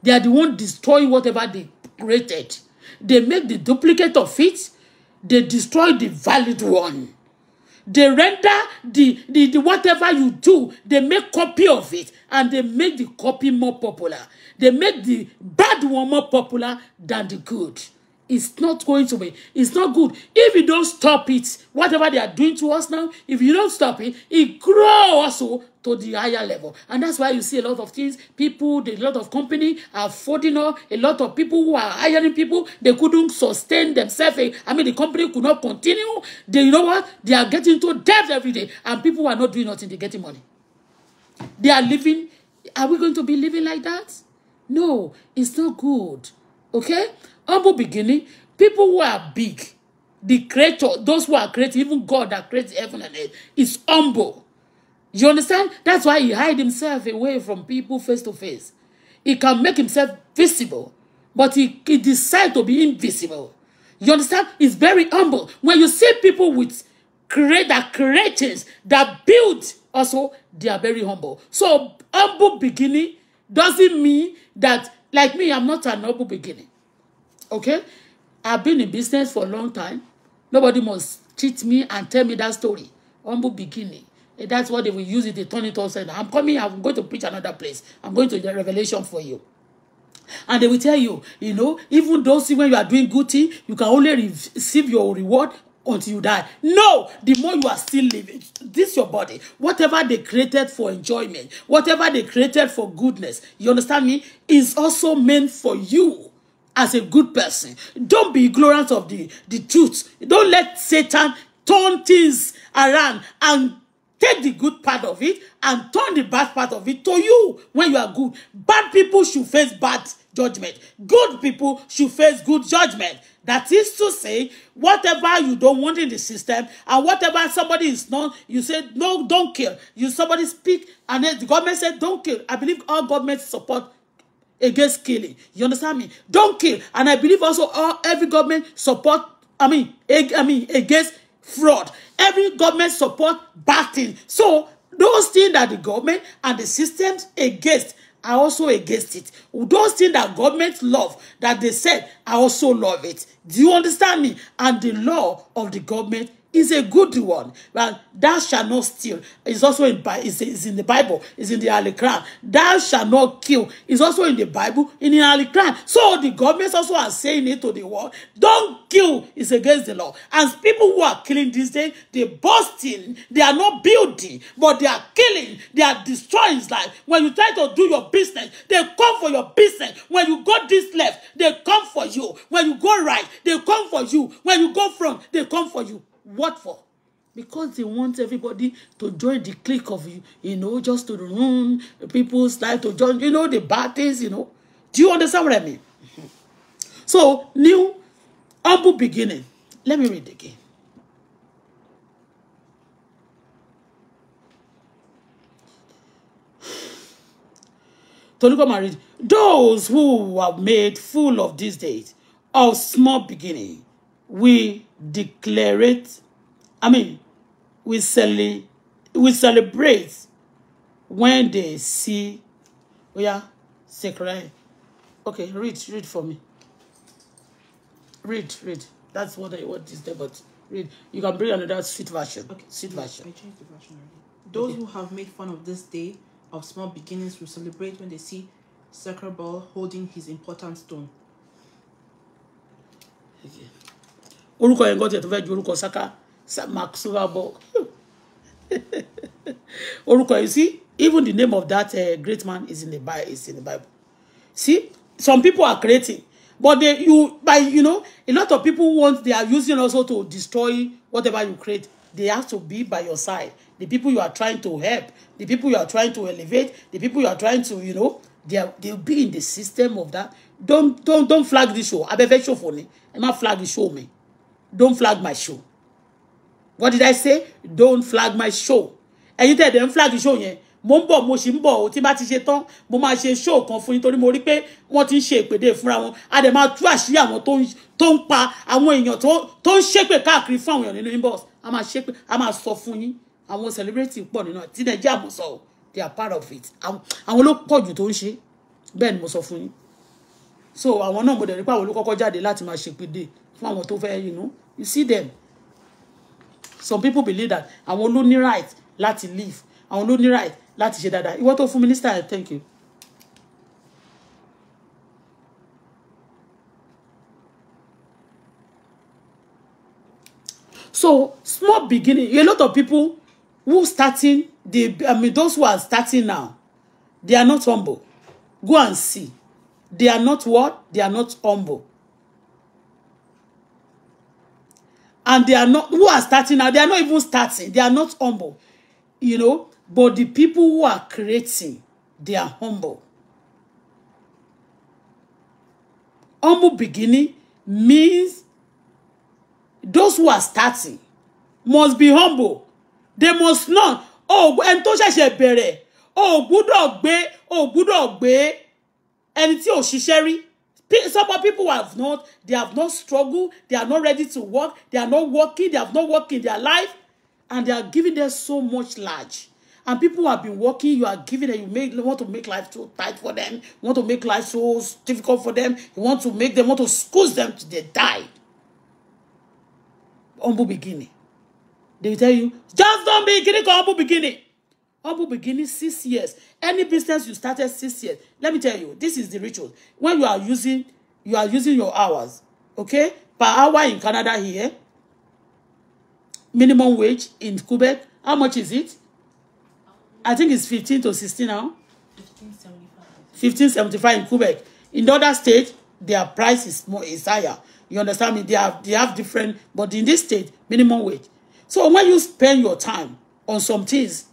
They are the ones destroying whatever they created. They make the duplicate of it. They destroy the valid one. They render the, the, the whatever you do, they make copy of it and they make the copy more popular. They make the bad one more popular than the good. It's not going to be. It's not good. If you don't stop it, whatever they are doing to us now, if you don't stop it, it grow also to the higher level. And that's why you see a lot of things, people, a lot of company are folding up, a lot of people who are hiring people, they couldn't sustain themselves. I mean, the company could not continue. They, you know what? They are getting to debt every day, and people are not doing nothing. They're getting money. They are living. Are we going to be living like that? No, it's not good. Okay? Humble beginning, people who are big, the creator, those who are created, even God that created heaven and earth, is humble. You understand? That's why he hide himself away from people face to face. He can make himself visible, but he, he decide to be invisible. You understand? He's very humble. When you see people with create that that build also, they are very humble. So humble beginning doesn't mean that, like me, I'm not an humble beginning. Okay? I've been in business for a long time. Nobody must cheat me and tell me that story. Humble beginning. And that's what they will use it. They turn it all. down. I'm coming. I'm going to preach another place. I'm going to the revelation for you. And they will tell you, you know, even though see when you are doing good thing, you can only receive your reward until you die. No, the more you are still living, this your body. Whatever they created for enjoyment, whatever they created for goodness, you understand me, is also meant for you as a good person. Don't be ignorant of the, the truth. Don't let Satan turn things around and take the good part of it and turn the bad part of it to you when you are good. Bad people should face bad judgment. Good people should face good judgment. That is to say, whatever you don't want in the system and whatever somebody is not, you say, no, don't kill. You somebody speak and then the government said, don't kill. I believe all governments support against killing. You understand me? Don't kill. And I believe also all every government support. I mean, ag, I mean against fraud. Every government support bad thing. So those things that the government and the systems against are also against it. Those things that government love that they said, I also love it. Do you understand me? And the law of the government is a good one. But thou shall not steal. is also in, is it's in the Bible. Is in the Holy Quran. Thou shall not kill. is also in the Bible, in the Holy Quran. So the government also are saying it to the world. Don't kill. Is against the law. And people who are killing these days, they boasting. They are not building, but they are killing. They are destroying life. When you try to do your business, they come for your business. When you go this left, they come for you. When you go right, they come for you. When you go front, they come for you. What for? Because they want everybody to join the clique of you, you know, just to ruin people's life, to join, you know, the bad things, you know. Do you understand what I mean? So, new, humble beginning. Let me read again. Toluko married those who were made full of these days of small beginning we declare it. I mean, we celebrate, we celebrate when they see, oh yeah, Zechariah. Okay, read, read for me. Read, read. That's what I want this day. but read. You can bring another sweet version. Okay, sweet version. I changed the version already. Those okay. who have made fun of this day of small beginnings will celebrate when they see Sacred Ball holding his important stone. Okay orúkọ yẹn kan tiẹ̀ tó fẹ́ ju orúkọ saka mark silverberg orúkọ yìí see even the name of that uh, great man is in the bible is in the bible see some people are creating but they you by you know a lot of people want they are using also to destroy whatever you create they have to be by your side the people you are trying to help the people you are trying to elevate the people you are trying to you know they are, they'll be in the system of that don't don't don't flag this show abẹ́fẹ́ ṣòfò ni ẹ má flag the show me? don't flag my show what did i say don't flag my show And you tell them flag the show yẹn mo ń mo sì ń bọ̀ o tí bá ti ṣe tán mo máa ṣe show kan fún yín mo rí pé wọ́n ti ń ṣe ìpèdè fúnra wọn a dẹ̀ máa tú àṣírí àwọn tó ń pa àwọn èèyàn tó ń ṣépè káàkiri fún àwọn èèyàn nínú inbox a máa pe, a ma sọ fún yín àwọn celebrity pọ̀ nínú Ti nàìjíríà mo sọ o they are part of it àwọn ló pọ̀ jù tó ń ṣe bẹ́ẹ̀ mo sọ fún yín so àwọn náà mo dẹ̀ rí pé àwọn ló kọ́kọ́ jáde láti máa ṣèpèdè fún àwọn tó fẹ́ you know you see them some people believe that àwọn ló ní right láti live àwọn ló ní right láti ṣe dáadáa ìwọ tó fún minister thank you. so small beginning a lot of people who starting the i mean those who are starting now they are not humble go and see they are not what they are not humble and they are not who are starting now they are not even starting they are not humble you know but the people who are creating they are humble humble beginning means those who are starting must be humble they must not oh ẹni tó ṣẹ̀ṣẹ̀ bẹ̀rẹ̀ Oh, gbúdọ̀ gbé o gbúdọ̀ gbé ẹni tí ò ṣiṣẹ́ rí Some people have not, they have not struggled, they are not ready to work, they are not working, they have not worked in their life, and they are giving them so much large. And people have been working, you are giving them, you make you want to make life so tight for them, you want to make life so difficult for them, you want to make them want to squeeze them till they die. Humble beginning. They tell you, just don't be giving humble beginning. Humble beginning six years. Any business you started six years. Let me tell you, this is the ritual. When you are using, you are using your hours, okay? Per hour in Canada here, minimum wage in Quebec, how much is it? I think it's 15 to 16 now. 1575. 1575 in Quebec. In the other state, their price is more is higher. You understand me? They have they have different, but in this state, minimum wage. So when you spend your time on some things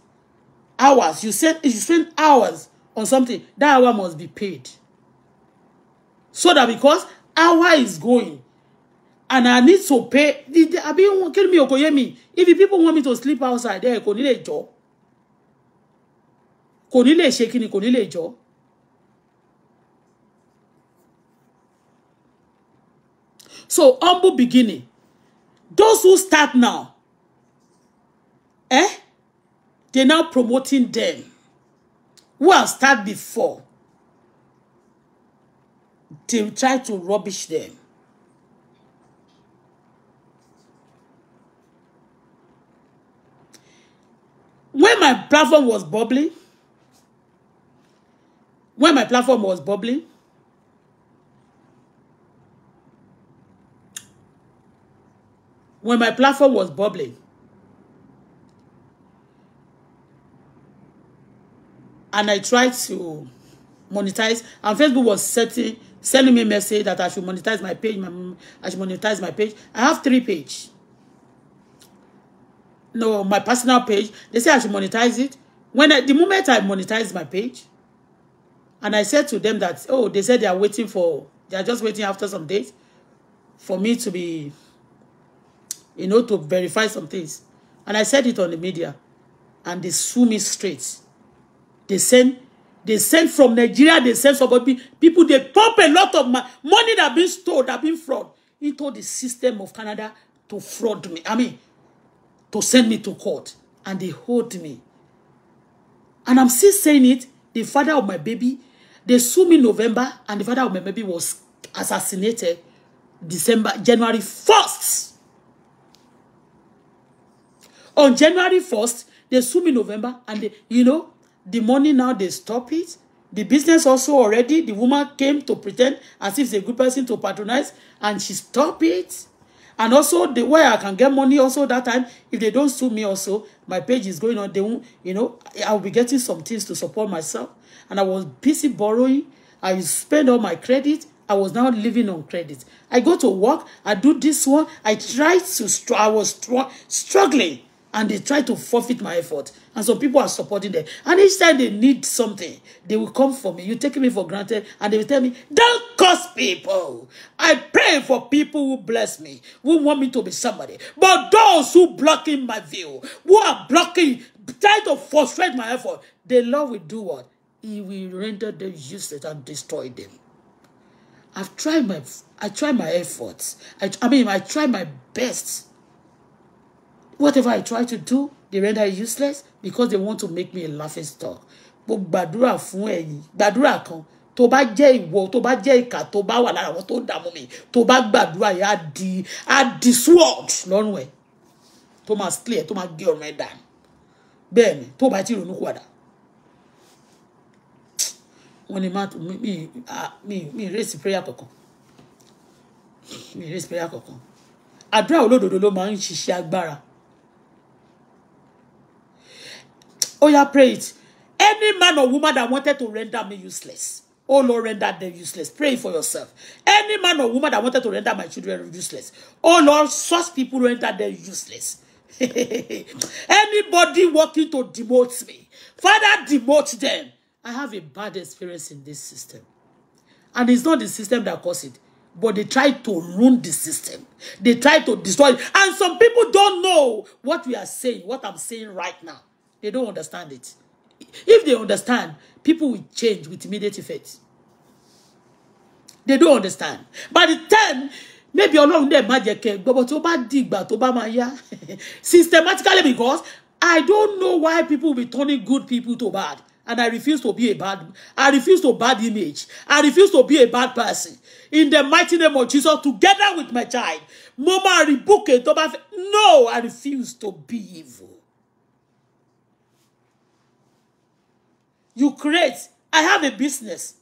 hours you spend you spend hours on something that hour must be paid so that because hour is going and i need to pay abi kí mi ò kò yé mi if the people want me to sleep outside there kò ní jo, jọ kò ní lè ṣe kíni kò so humble beginning those who start now eh They're now promoting them. Who have started before, they try to rubbish them. When my platform was bubbling, when my platform was bubbling, when my platform was bubbling, and I tried to monetize and Facebook was setting sending me a message that I should monetize my page my, I should monetize my page I have three page no my personal page they say I should monetize it when I, the moment I monetized my page and I said to them that oh they said they are waiting for they are just waiting after some days for me to be you know to verify some things and I said it on the media and they sue me straight They send they send from Nigeria, they send some people, they pump a lot of money, money that been stolen, that been fraud into the system of Canada to fraud me. I mean, to send me to court. And they hold me. And I'm still saying it. The father of my baby, they sue me November, and the father of my baby was assassinated December, January 1st. On January 1st, they sue me November, and they, you know, The money now they stop it. The business also already, the woman came to pretend as if it's a good person to patronize and she stopped it. And also the way I can get money also that time, if they don't sue me also, my page is going on, they won't, you know, I'll be getting some things to support myself. And I was busy borrowing. I spend all my credit. I was now living on credit. I go to work. I do this one. I tried to, I was struggling and they try to forfeit my effort. And some people are supporting them. And each time they need something, they will come for me. You're taking me for granted and they will tell me, don't curse people. I pray for people who bless me, who want me to be somebody. But those who blocking my view, who are blocking, trying to frustrate my effort, the Lord will do what? He will render them useless and destroy them. I've tried my, I tried my efforts. I, I mean, I tried my best whatever I try to do they render it useless because they want to make me a laughing stock But gbàdúrà fún ẹ̀yin gbàdúrà kan tó bá jẹ́ ìwọ tó ba jẹ́ ìkà tó bá wà lára àwọn tó dààmú mi tó bá gbàdúrà yìí di á di sword lọ́rùn ẹ̀ tó máa slay ẹ̀ tó máa gé ọ̀rùn ẹ̀ dànù bẹ́ẹ̀ ni tó bá ti ronú padà wọ́n ní máa mi mi mi raise prayer kankan mi raise prayer kankan àdúrà olódodo ló máa ń ṣiṣẹ́ agbára Oh, yeah, pray it. Any man or woman that wanted to render me useless. Oh Lord, render them useless. Pray for yourself. Any man or woman that wanted to render my children useless. Oh Lord, such people render them useless. Anybody working to demote me. Father, demote them. I have a bad experience in this system. And it's not the system that caused it. But they try to ruin the system. They try to destroy it. And some people don't know what we are saying, what I'm saying right now. They don't understand it. If they understand, people will change with immediate effect. They don't understand. By the time, maybe ọlọ́run dẹ̀ má jẹ́ kẹ́ But tó bá di tó bá máa systematically because I don't know why people will be turning good people to bad and I refuse to be a bad I refuse to bad image I refuse to be a bad person in the mighty name of Jesus together with my child Mama rebuke tó no I refuse to be evil You create. I have a business.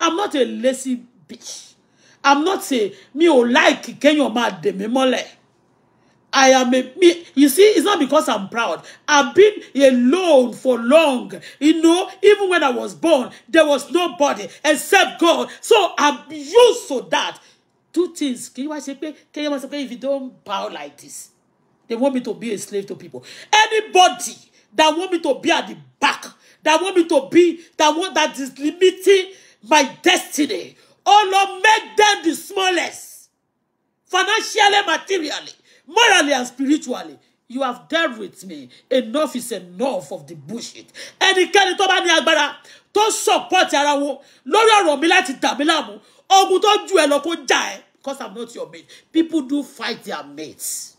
I'm not a lazy bitch. I'm not a me o like kéèyàn máa dè mí mọ́lẹ̀. I am a me. You see, it's not because I'm proud. I've been alone for long. You know, even when I was born, there was nobody except God. So I'm used to that. Two things. Can you watch it? Can you watch If you don't bow like this, they want me to be a slave to people. Anybody that want me to be at the back that want me to be, that want that is limiting my destiny. Oh Lord, make them the smallest, financially, materially, morally, and spiritually. You have dealt with me. Enough is enough of the bullshit. Ẹnikẹ́ni kind of ní agbára tó support ara wọn lórí ọ̀rọ̀ mi láti dà mí láàmú ogun tó ju ẹ lọ kó jà ẹ́ because I'm not your mate. People do fight their mates.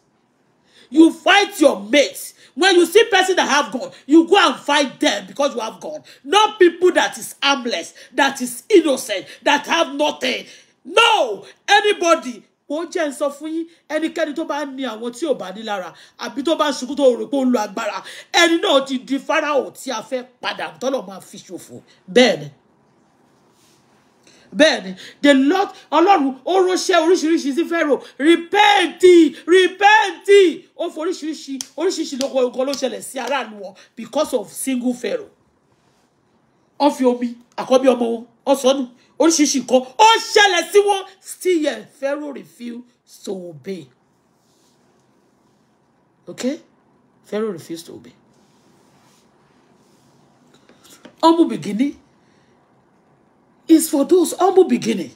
You fight your mates. When you see person that have God, you go and fight them because you have God. Not people that is harmless, that is innocent, that have nothing. No, anybody mo jẹ́ ń sọ fún yín ẹnikẹ́ni tó bá ní àwọn tí ò bá ní lára àbí tó bá sunkún tó rò pé ó lo agbára ẹni náà ti di fáráò tí a fẹ́ padà tọ́lọ̀ máa fi ṣòfò bẹ́ẹ̀ ni bẹ́ẹ̀ ni the lord ọlọ́run ó ránṣẹ́ oríṣiríṣi sí pharaoh repenti repenti ó fọ oríṣiríṣi oríṣiríṣi lóko ogun ló ṣẹlẹ̀ sí aráàlú wọn because of single pharaoh wọ́n fi omi àkọ́bí ọmọ wọn wọ́n sọnù oríṣiríṣi nǹkan ó ṣẹlẹ̀ sí wọn still yet pharaoh refused to obey okay pharaoh refused to obey humble beginning is for those humble beginning.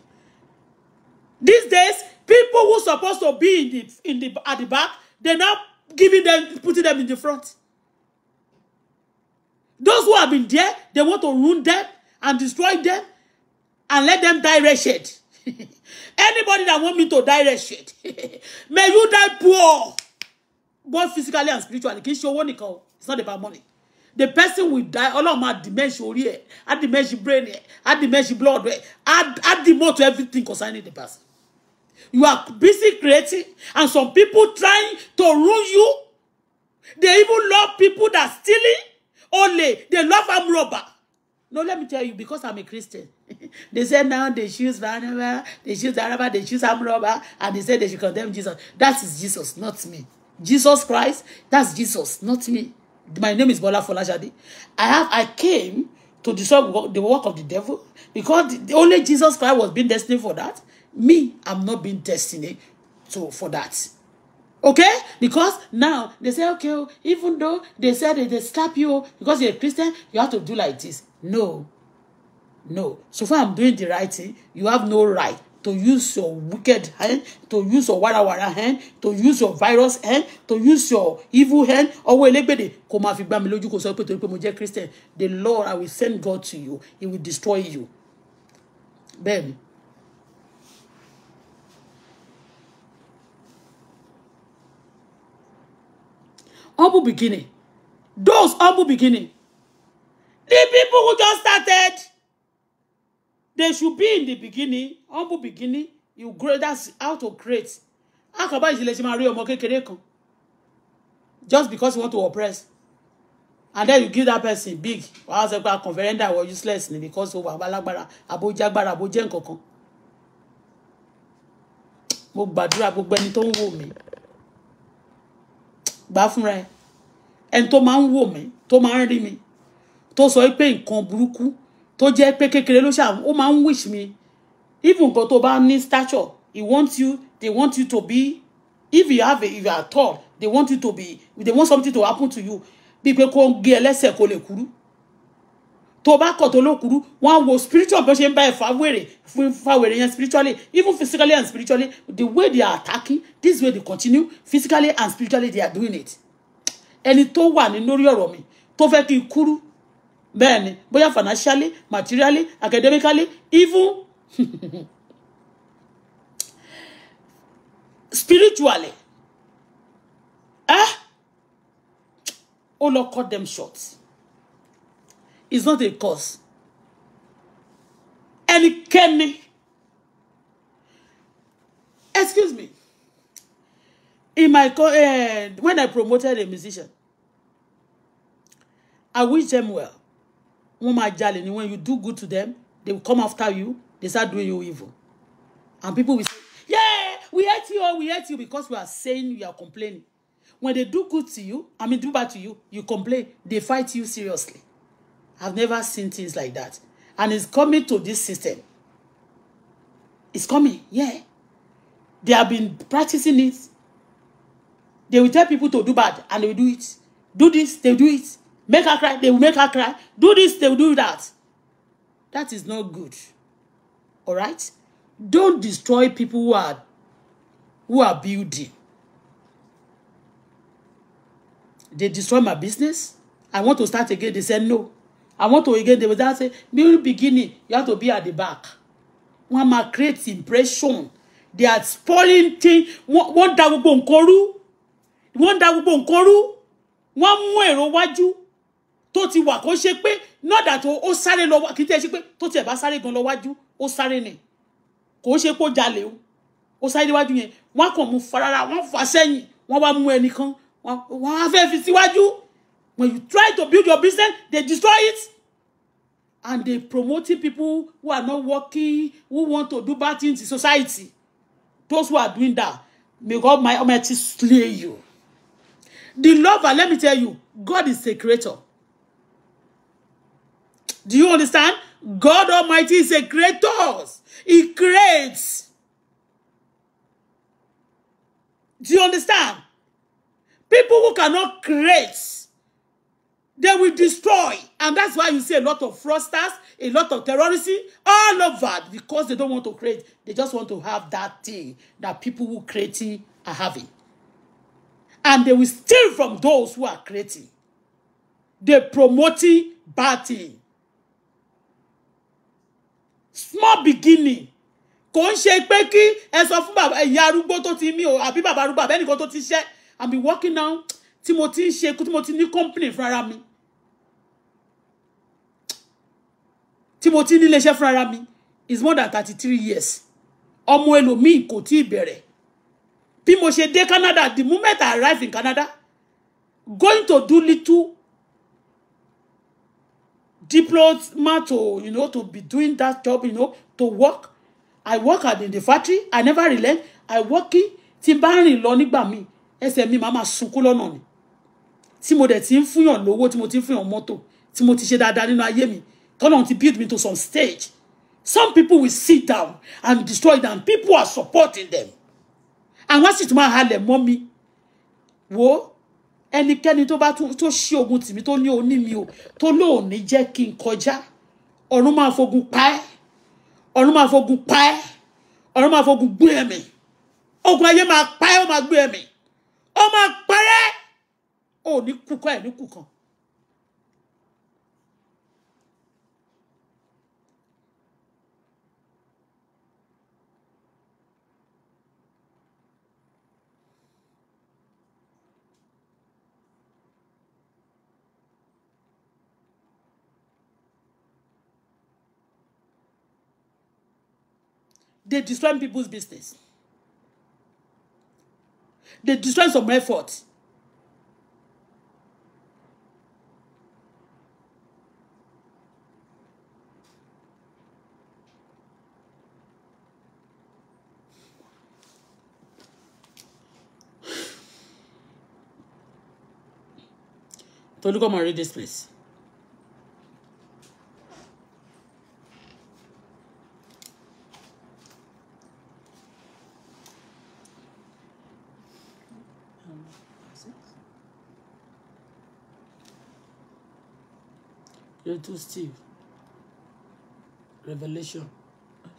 These days, people who supposed to be in the, in the, at the back, they're now giving them, putting them in the front. Those who have been there, they want to ruin them and destroy them and let them die wretched. Anybody that want me to die wretched, may you die poor. Both physically and spiritually. It's not about money the person will die ọlọ́run máa dimẹ́ṣi orí ẹ̀ á dimẹ́ṣi brain ẹ̀ á dimẹ́ṣi blood ẹ̀ more to everything concerning the person you are busy creating and some people trying to ruin you they even love people that stealing Only they love am robber no let me tell you because i'm a christian they say now they choose Barnabas, they choose Barnabas, they choose Amroba, and they say they should condemn Jesus. That is Jesus, not me. Jesus Christ, that's Jesus, not me. My name is Bola Folashade. I have I came to dissolve the work of the devil because the only Jesus Christ was being destined for that. Me, I'm not being destined to for that. Okay? Because now they say, okay, oh, even though they said they, they slap you oh, because you're a Christian, you have to do like this. No. No. So far I'm doing the right thing. You have no right to use your wicked hand, to use your warawara hand, to use your virus hand, to use your evil hand. Ọwọ́ elégbèdè kò máa fi gbá mi lójú kò sọ pé torí pé mo jẹ́ Christian. The Lord I will send God to you. He will destroy you. Bẹ́ẹ̀ni. Humble beginning. Those humble beginning. The people who just started they should be in the beginning humble beginning you grow that's how to create akọba ìjìnlẹ̀ ṣe máa rí ọmọ kékeré kan just because you want to oppress and then you give that person big wàá sọ pé a conferenda were useless ni because o wà alágbára àbójágbára àbójẹ́ nkankan mo gbàdúrà gbogbo ẹni tó ń wò mí gbà fúnra ẹ ẹni tó máa ń wò mí tó máa ń rí mi tó sọ pé nǹkan burúkú tó jẹ́ pé kékeré ló ṣáà ó máa ń wish mi even nǹkan tó bá ní stature he want you they want you to be if you have a if you are tall they want you to be they want something to happen to you bíi pé kó gé ẹlẹ́sẹ̀ kó lè kúrú tó bá kọ̀ tó lókùrú wọ́n á wo spiritual bí ṣe ń bá ẹ̀ fáwèrè fáwèrè yẹn spiritually even physically and spiritually the way they are attacking this way they continue physically and spiritually they are doing it ẹni tó wà ní lórí ọ̀rọ̀ mi tó fẹ́ kí n kúrú bẹ́ẹ̀ ni bóyá financially materially academically even spiritually eh oh lord cut them short it's not a cause ẹnikẹ́ni excuse me in my co uh, when I promoted a musician I wish them well wọ́n máa jalè ni when you do good to them they will come after you they start doing you evil and people will say yeah we hate you oh, we hate you because we are saying you are complaining when they do good to you i mean do bad to you you complain they fight you seriously i've never seen things like that and it's coming to this system it's coming yeah they have been practicing it they will tell people to do bad and they will do it do this they do it make her cry they will make her cry do this they will do that that is not good all right don't destroy people who are who are building they destroy my business i want to start again they said no i want to again they will say new beginning you have to be at the back One, my create impression they are spoiling thing wọn da gbogbo nǹkan rú wọn da gbogbo nǹkan rú wọn mú èrò wájú tó ti wà kó ṣe pé nọ́dà tó ó sáré lọ kì í tẹ́ ṣe pé tó tiẹ̀ bá sáré gan lọ ó sáré nì kò ṣe pé ó jalè o ó sáré déwájú yẹn wọ́n kàn mú farara wọ́n fà sẹ́yìn wọ́n wá mú ẹnìkan wọ́n á fẹ́ fi síwájú when you try to build your business they destroy it and they promoting people who are not working who want to do bad things in society those who are doing that may God my Almighty slay you the lover let me tell you God is a creator Do you understand? God Almighty is a creator. He creates. Do you understand? People who cannot create, they will destroy. And that's why you see a lot of fraudsters, a lot of terrorism, all of that, because they don't want to create. They just want to have that thing that people who create are having. And they will steal from those who are creating. They promoting bad thing small beginning kò ń ṣe pé kí ẹ sọ fún bàbá ìyá arúgbó tó ti mí o àbí bàbá arúgbó àbí ẹnìkan tó ti ṣẹ́ àbí working now tí mo ti ń ṣe tí mo ti ní company fúnra mi tí mo ti ní iléeṣẹ́ fúnra mi is more than thirty three years ọmọ ẹlòmíì kò tí ì bẹ̀rẹ̀ bí mo ṣe dé Canada the moment I arrive in Canada going to do little diplomat to you know to be doing that job you know to work i work at in the factory i never relent i working tí n bá rìn lọ nígbà míì ẹsẹ̀ mi màá máa sunkún lọ́nà ni tí mo dẹ̀ ti ń fúnyàn lówó tí mo ti ń fúnyàn mọ́tò tí mo ti ṣe dáadáa nínú ayé mi tọ́nà ti build me to some stage some people will sit down and destroy them people are supporting them àwọn sì tún máa halẹ̀ mọ́ mi wo ẹnikẹ́ni tó bá tó ṣí ogun tì mí tó ní oní mi o tó lóòní jẹ́ kí n kọjá ọ̀run máa fogun pa ẹ́ ọ̀run máa fogun pa ẹ́ ọ̀run máa fogun gbé ẹ̀mí ogun ayé máa pa ẹ́ ó máa gbé ẹ̀mí ó máa parẹ́ ò ní kúkọ́ ẹ̀ ní kú kan they destroy people's business. They destroy some effort. Tolu, come and read this place. little steve revelation. Okay.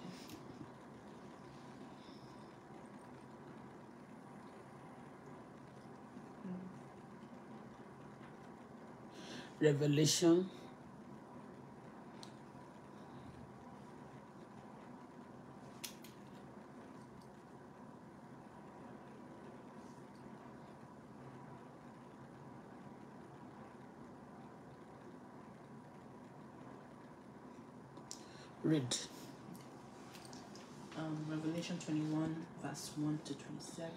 Mm. Revelation read um, Revelation 21, verse 1 to 27.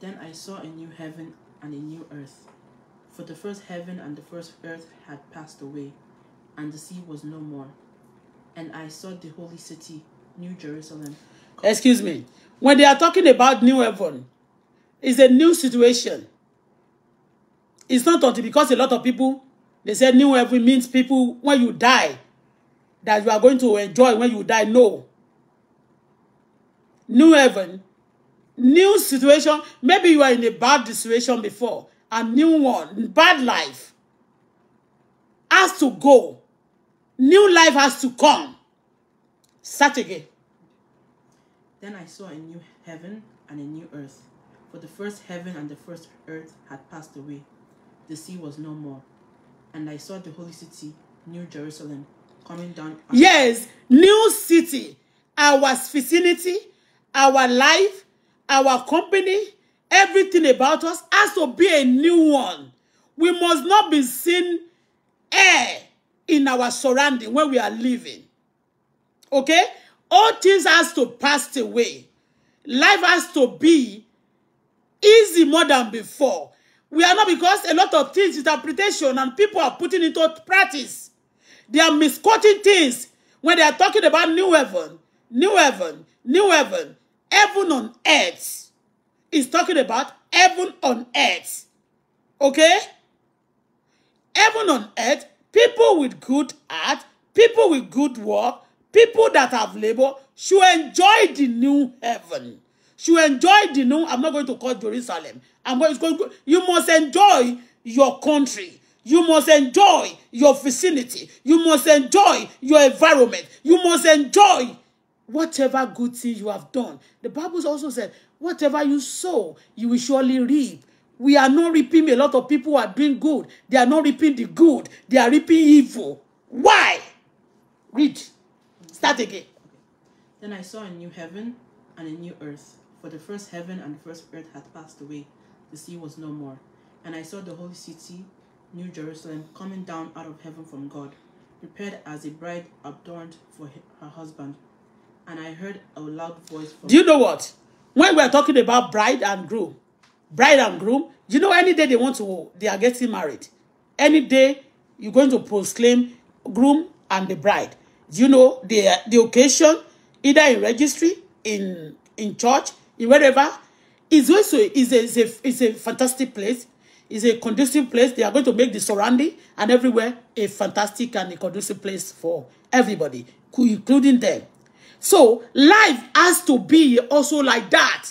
Then I saw a new heaven and a new earth, for the first heaven and the first earth had passed away, and the sea was no more. And I saw the holy city, New Jerusalem. Excuse me. When they are talking about new heaven, it's a new situation. It's not only because a lot of people, they say new heaven means people, when you die, that you are going to enjoy when you die. No. New heaven, new situation. Maybe you are in a bad situation before, a new one, bad life has to go. New life has to come. Start again. Then I saw a new heaven and a new earth. For the first heaven and the first earth had passed away. The sea was no more. And I saw the holy city, New Jerusalem, Coming down. Yes, new city, our vicinity, our life, our company, everything about us has to be a new one. We must not be seen air in our surrounding where we are living. Okay? All things has to pass away. Life has to be easy more than before. We are not because a lot of things, interpretation, and people are putting into practice. They are misquoting things when they are talking about new heaven, new heaven, new heaven. Heaven on earth is talking about heaven on earth. Okay? Heaven on earth, people with good heart, people with good work, people that have labor should enjoy the new heaven. Should enjoy the new. I'm not going to call Jerusalem. I'm going to. You must enjoy your country. You must enjoy your vicinity. You must enjoy your environment. You must enjoy whatever good thing you have done. The Bible also said, whatever you sow, you will surely reap. We are not reaping a lot of people who are doing good. They are not reaping the good. They are reaping evil. Why? Read. Start again. Then I saw a new heaven and a new earth. For the first heaven and the first earth had passed away. The sea was no more. And I saw the holy city, New Jerusalem coming down out of heaven from God, prepared as a bride adorned for her husband. And I heard a loud voice from Do you know what? When we're talking about bride and groom, bride and groom, you know any day they want to they are getting married. Any day you're going to proclaim groom and the bride. You know the the occasion, either in registry, in in church, in wherever, is also is a, is a is a fantastic place Is a conducive place. They are going to make the surrounding and everywhere a fantastic and a conducive place for everybody, including them. So life has to be also like that.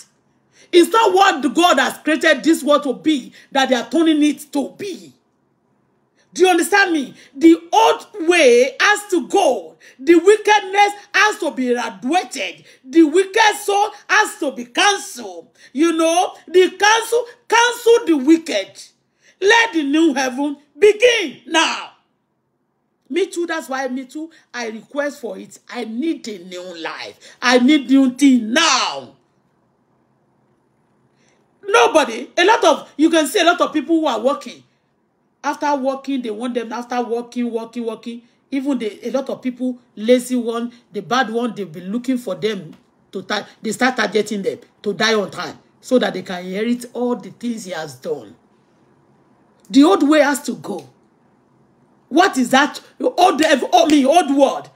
It's not what God has created this world to be that they are turning it to be. Do you understand me? The old way has to go. The wickedness has to be eradicated. The wicked soul has to be canceled. You know, the cancel cancel the wicked. Let the new heaven begin now. Me too, that's why me too, I request for it. I need a new life. I need new thing now. Nobody, a lot of, you can see a lot of people who are working after working they want them after working working working even the a lot of people lazy one the bad one they be looking for them to ta- they start targeting them to die on time so that they can inherit all the things he has done the old way has to go what is that old oh, me old world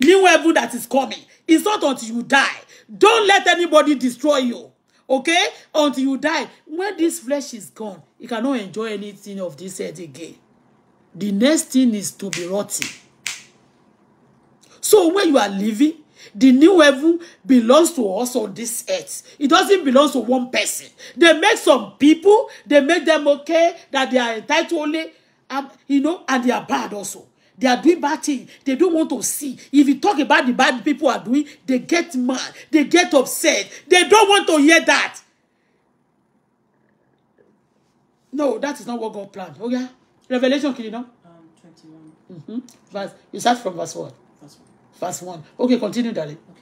new heaven that is coming it's not until you die don't let anybody destroy you okay until you die when this flesh is gone you cannot enjoy anything of this earth again the next thing is to be rotting so when you are living the new heaven belongs to us on this earth. It doesn't belong to one person. They make some people, they make them okay, that they are entitled only, um, you know, and they are bad also. They are doing bad things. They don't want to see. If you talk about the bad people are doing, they get mad. They get upset. They don't want to hear that. No, that is not what God planned. Oh yeah, Revelation, can you know? Um, twenty-one. Mm-hmm. Verse. You start from verse what? Verse one. Verse one. Okay, continue, darling. Okay.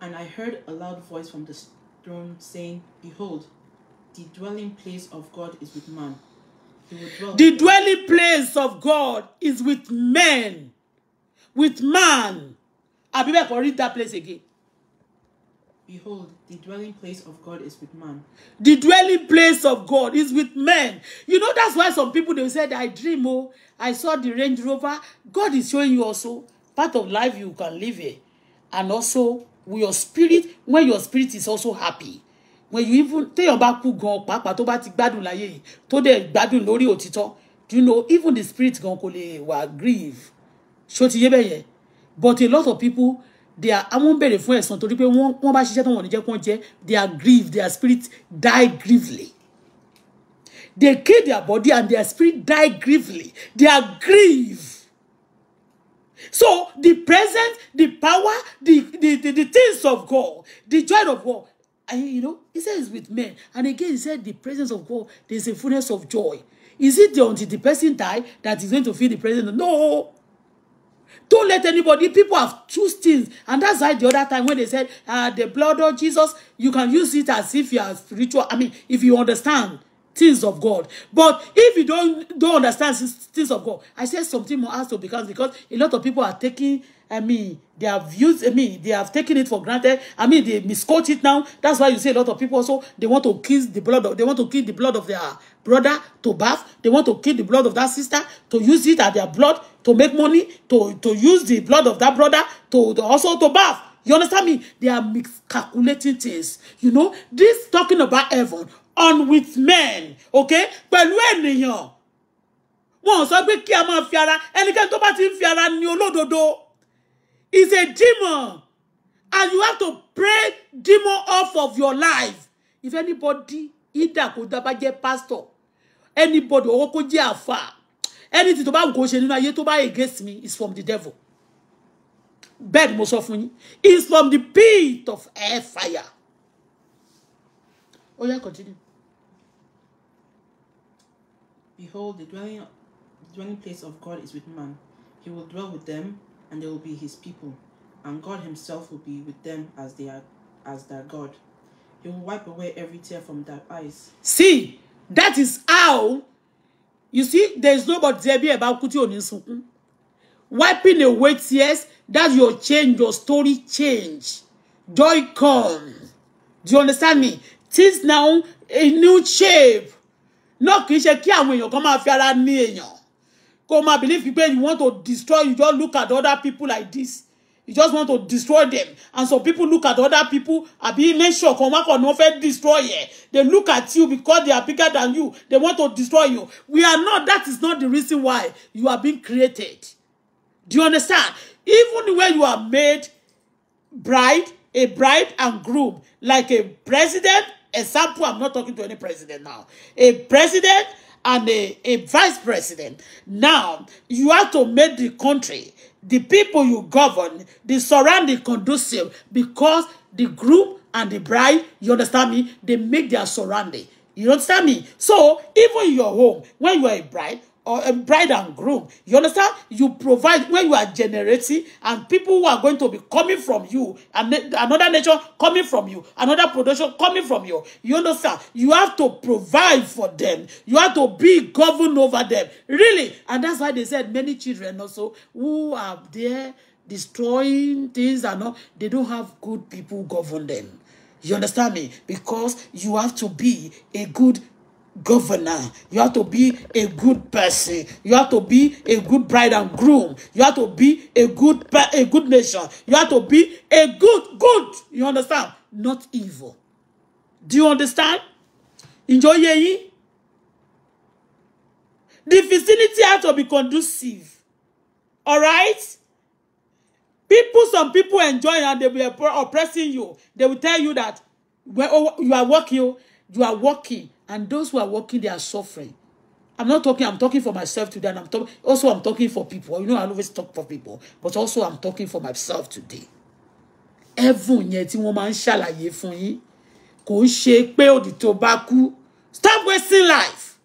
Um, and I heard a loud voice from the throne saying, Behold, the dwelling place of God is with man, The dwelling place of God is with men, with man. Abi bẹ́ẹ̀ kọ́, read that place again. Behold, the dwelling place of God is with man. The dwelling place of God is with men. You know, that's why some people, they said, I dream, oh, I saw the Range Rover. God is showing you also part of life you can live here. And also, with your spirit, when your spirit is also happy when you even téèyàn bá kú gan pàápàá tó bá ti gbádùn láyé yìí tó dẹ̀ gbádùn lórí òtítọ́ you know even the spirit gan kò lè wà grieve ṣó ti yé bẹ́ẹ̀ yẹn but a lot of people they are àwọn béèrè fún ẹ̀san torí pé wọ́n bá ṣiṣẹ́ tó wọ́n ní jẹ́ kó jẹ́ they are grieve. their spirit die grievely they kill their body and their spirit die grievely they are grieve. so the present, the power the the the, the things of God the joy of God I, you know, he says with men. And again, he said the presence of God, there's a fullness of joy. Is it the, until the person die that is going to feel the presence? No. Don't let anybody, people have two things. And that's why the other time when they said, uh, the blood of Jesus, you can use it as if you are spiritual. I mean, if you understand things of God. But if you don't don't understand things of God, I said something more has to become because a lot of people are taking I mean, they have used, I mean, they have taken it for granted. I mean, they misquote it now. That's why you see a lot of people also, they want to kiss the blood of, they want to kill the blood of their brother to bath. They want to kill the blood of that sister to use it as their blood to make money, to, to use the blood of that brother to, to also to bath. You understand me? They are miscalculating things. You know, this talking about heaven on with men, okay? Pẹ̀lú ènìyàn. Wọ́n sọ pé kí a máa fi ara, ẹnikẹ́ni tó bá ti ń fi ara ni olódodo is a demon and you have to pray demon off of your life if anybody either kò dábàá jẹ́ pastor anybody owó kó jẹ́ àfà anything to bá wù kó ṣe nínú ayé tó against me is from the devil bẹ́ẹ̀ ni mo sọ fún yín is from the pit of hell fire oh yeah continue. Behold, the dwelling, dwelling place of God is with man. He will dwell with them and they will be his people, and God himself will be with them as they are as their God. He will wipe away every tear from their eyes. See, that is how you see there is nobody there be about kuti onisun. Wiping away tears, that's your change, your story change. Joy comes. Do you understand me? Tis now a new shape. No kì í ṣe kí àwọn èèyàn kan máa fi kò máa believe pé you want to destroy you just look at other people like this you just want to destroy them and some people look at other people àbí nation kan wá kàn ní wọ́n fẹ́ destroy ẹ they look at you because they are bigger than you they want to destroy you we are not that is not the reason why you are being created do you understand even when you are made bride a bride and groom like a president example i'm not talking to any president now a president and a, a vice president. Now, you have to make the country, the people you govern, the surrounding conducive because the group and the bride, you understand me, they make their surrounding. You understand me? So, even in your home, when you are a bride or a um, bride and groom. You understand? You provide when you are generating and people who are going to be coming from you and another nature coming from you, another production coming from you. You understand? You have to provide for them. You have to be governed over them. Really? And that's why they said many children also who are there destroying things and all, they don't have good people govern them. You understand me? Because you have to be a good governor. You have to be a good person. You have to be a good bride and groom. You have to be a good a good nation. You have to be a good good. You understand? Not evil. Do you understand? Enjoy ye. The vicinity has to be conducive. All right. People, some people enjoy and they will be oppressing you. They will tell you that well, oh, you are working, oh, you are working And those who are working, they are suffering. I'm not talking, I'm talking for myself today, and I'm talking also I'm talking for people. You know, I always talk for people, but also I'm talking for myself today. Every yẹn tí wọ́n máa ń ṣàlàyé fún yín kò ń ṣe Stop wasting life.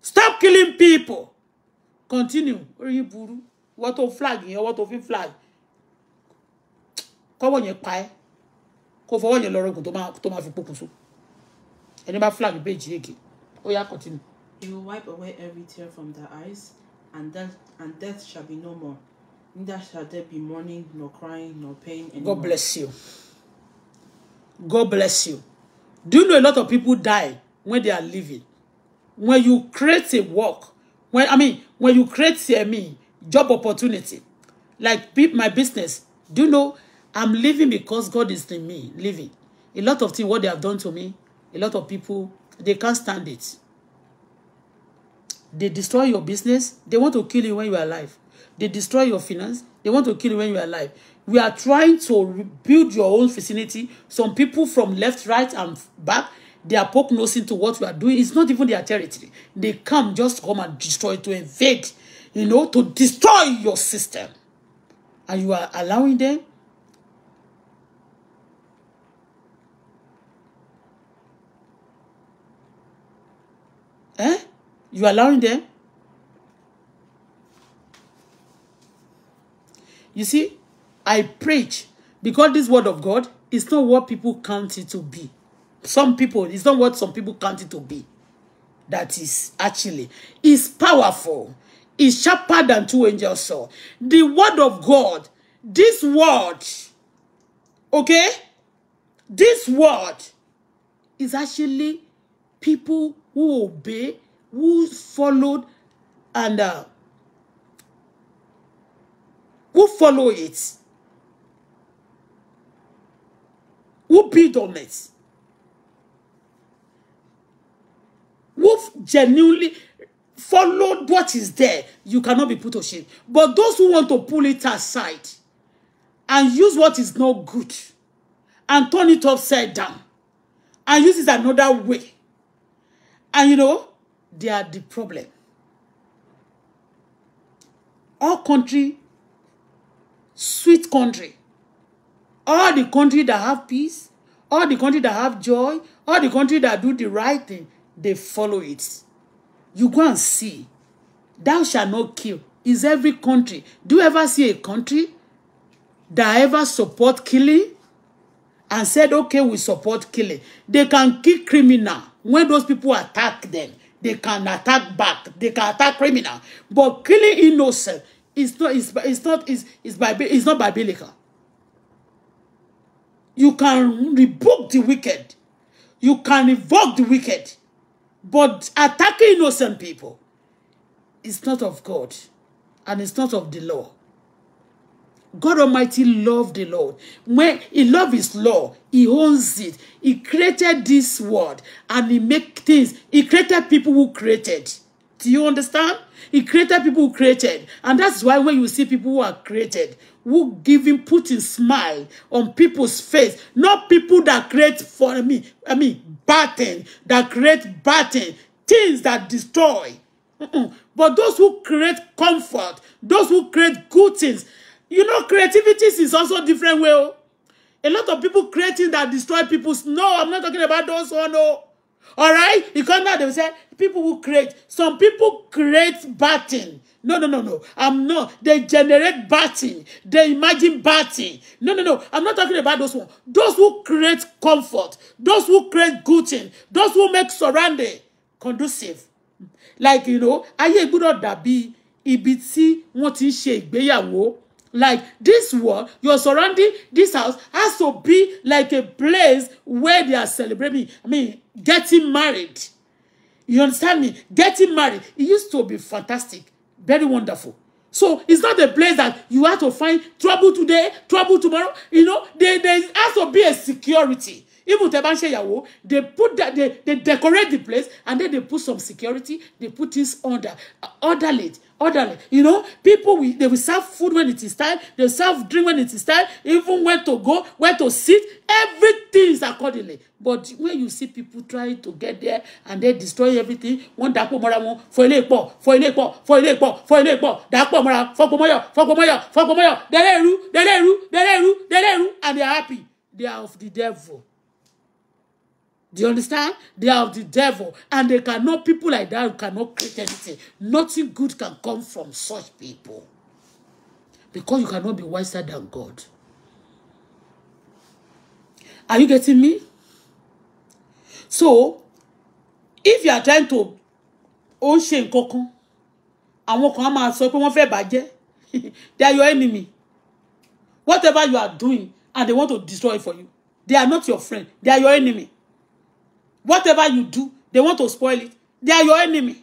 Stop killing people. Continue. What burú. Ìwọ tó flag yẹn, ọwọ́ tó fi flag. Kọ́wọ́ yẹn pa ẹ́. Kó fọwọ́ yẹn lọ rọgùn tó máa fi ẹni bá flag page yìí kì ó yá continue. He will wipe away every tear from their eyes, and death, and death shall be no more. Neither shall there be mourning, nor crying, nor pain anymore. God bless you. God bless you. Do you know a lot of people die when they are living? When you create a work, when I mean, when you create a me job opportunity, like my business, do you know I'm living because God is in me, living. A lot of things what they have done to me, a lot of people they can't stand it they destroy your business they want to kill you when you are alive they destroy your finance they want to kill you when you are alive we are trying to build your own vicinity some people from left right and back they are poke nose into what we are doing it's not even their territory they come just come and destroy to invade you know to destroy your system and you are allowing them Eh? You are allowing them? You see, I preach because this word of God is not what people count it to be. Some people, it's not what some people count it to be. That is actually, is powerful, is sharper than two angels saw. The word of God, this word, okay, this word is actually people who obey? who followed, and uh, who follow it, who build on it, who genuinely followed what is there, you cannot be put to shame. But those who want to pull it aside and use what is not good and turn it upside down and use it another way And you know, they are the problem. All country, sweet country, all the country that have peace, all the country that have joy, all the country that do the right thing, they follow it. You go and see. Thou shall not kill. Is every country. Do you ever see a country that ever support killing? and said, okay, we support killing. They can kill criminal. When those people attack them, they can attack back. They can attack criminal. But killing innocent is not, is, is not, is, is, by, is not biblical. You can rebuke the wicked. You can evoke the wicked. But attacking innocent people is not of God. And it's not of the law. God Almighty loved the Lord. When He loved His law, He owns it. He created this world and He make things. He created people who created. Do you understand? He created people who created. And that's why when you see people who are created, who give Him putting smile on people's face, not people that create for me, I mean, bad that create bad things, things that destroy. Mm -mm. But those who create comfort, those who create good things, You know, creativity is also different way. Well. Oh. A lot of people creating that destroy people. No, I'm not talking about those one. No. Oh. All right? You come out, they say, people who create. Some people create bad thing. No, no, no, no. I'm not. They generate bad thing. They imagine bad thing. No, no, no. I'm not talking about those one. Those who create comfort. Those who create good thing. Those who make surrounding conducive. Like, you know, ayé gbọ́dọ̀ dàbí ibi tí wọ́n ti ń ṣe ìgbéyàwó. Like this world, your surrounding, this house has to be like a place where they are celebrating. I mean, getting married. You understand me? Getting married. It used to be fantastic, very wonderful. So it's not a place that you have to find trouble today, trouble tomorrow. You know, there, there has to be a security. Even Tebanche Yawo, they put that they, they decorate the place and then they put some security, they put things under uh, it orderly. You know, people, will, they will serve food when it is time. They serve drink when it is time. Even where to go, where to sit. Everything is accordingly. But when you see people trying to get there and they destroy everything, wọ́n dàpọ̀ mọ́ra wọn, fọ́ ilé pọ̀, fọ́ ilé pọ̀, fọ́ ilé pọ̀, fọ́ ilé pọ̀, dàpọ̀ mọ́ra, fọ́gbọ́mọ́yọ̀, fọ́gbọ́mọ́yọ̀, fọ́gbọ́mọ́yọ̀, dẹ́rẹ́rú, dẹ́rẹ́rú, dẹ́rẹ́rú, dẹ́rẹ́rú, and they are happy. They are of the devil. Do you understand? They are of the devil. And they cannot, people like that cannot create anything. Nothing good can come from such people. Because you cannot be wiser than God. Are you getting me? So, if you are trying to own shame ṣe and kan àwọn kan á máa sọ they are your enemy whatever you are doing and they want to destroy it for you they are not your friend they are your enemy Whatever you do, they want to spoil it. They are your enemy.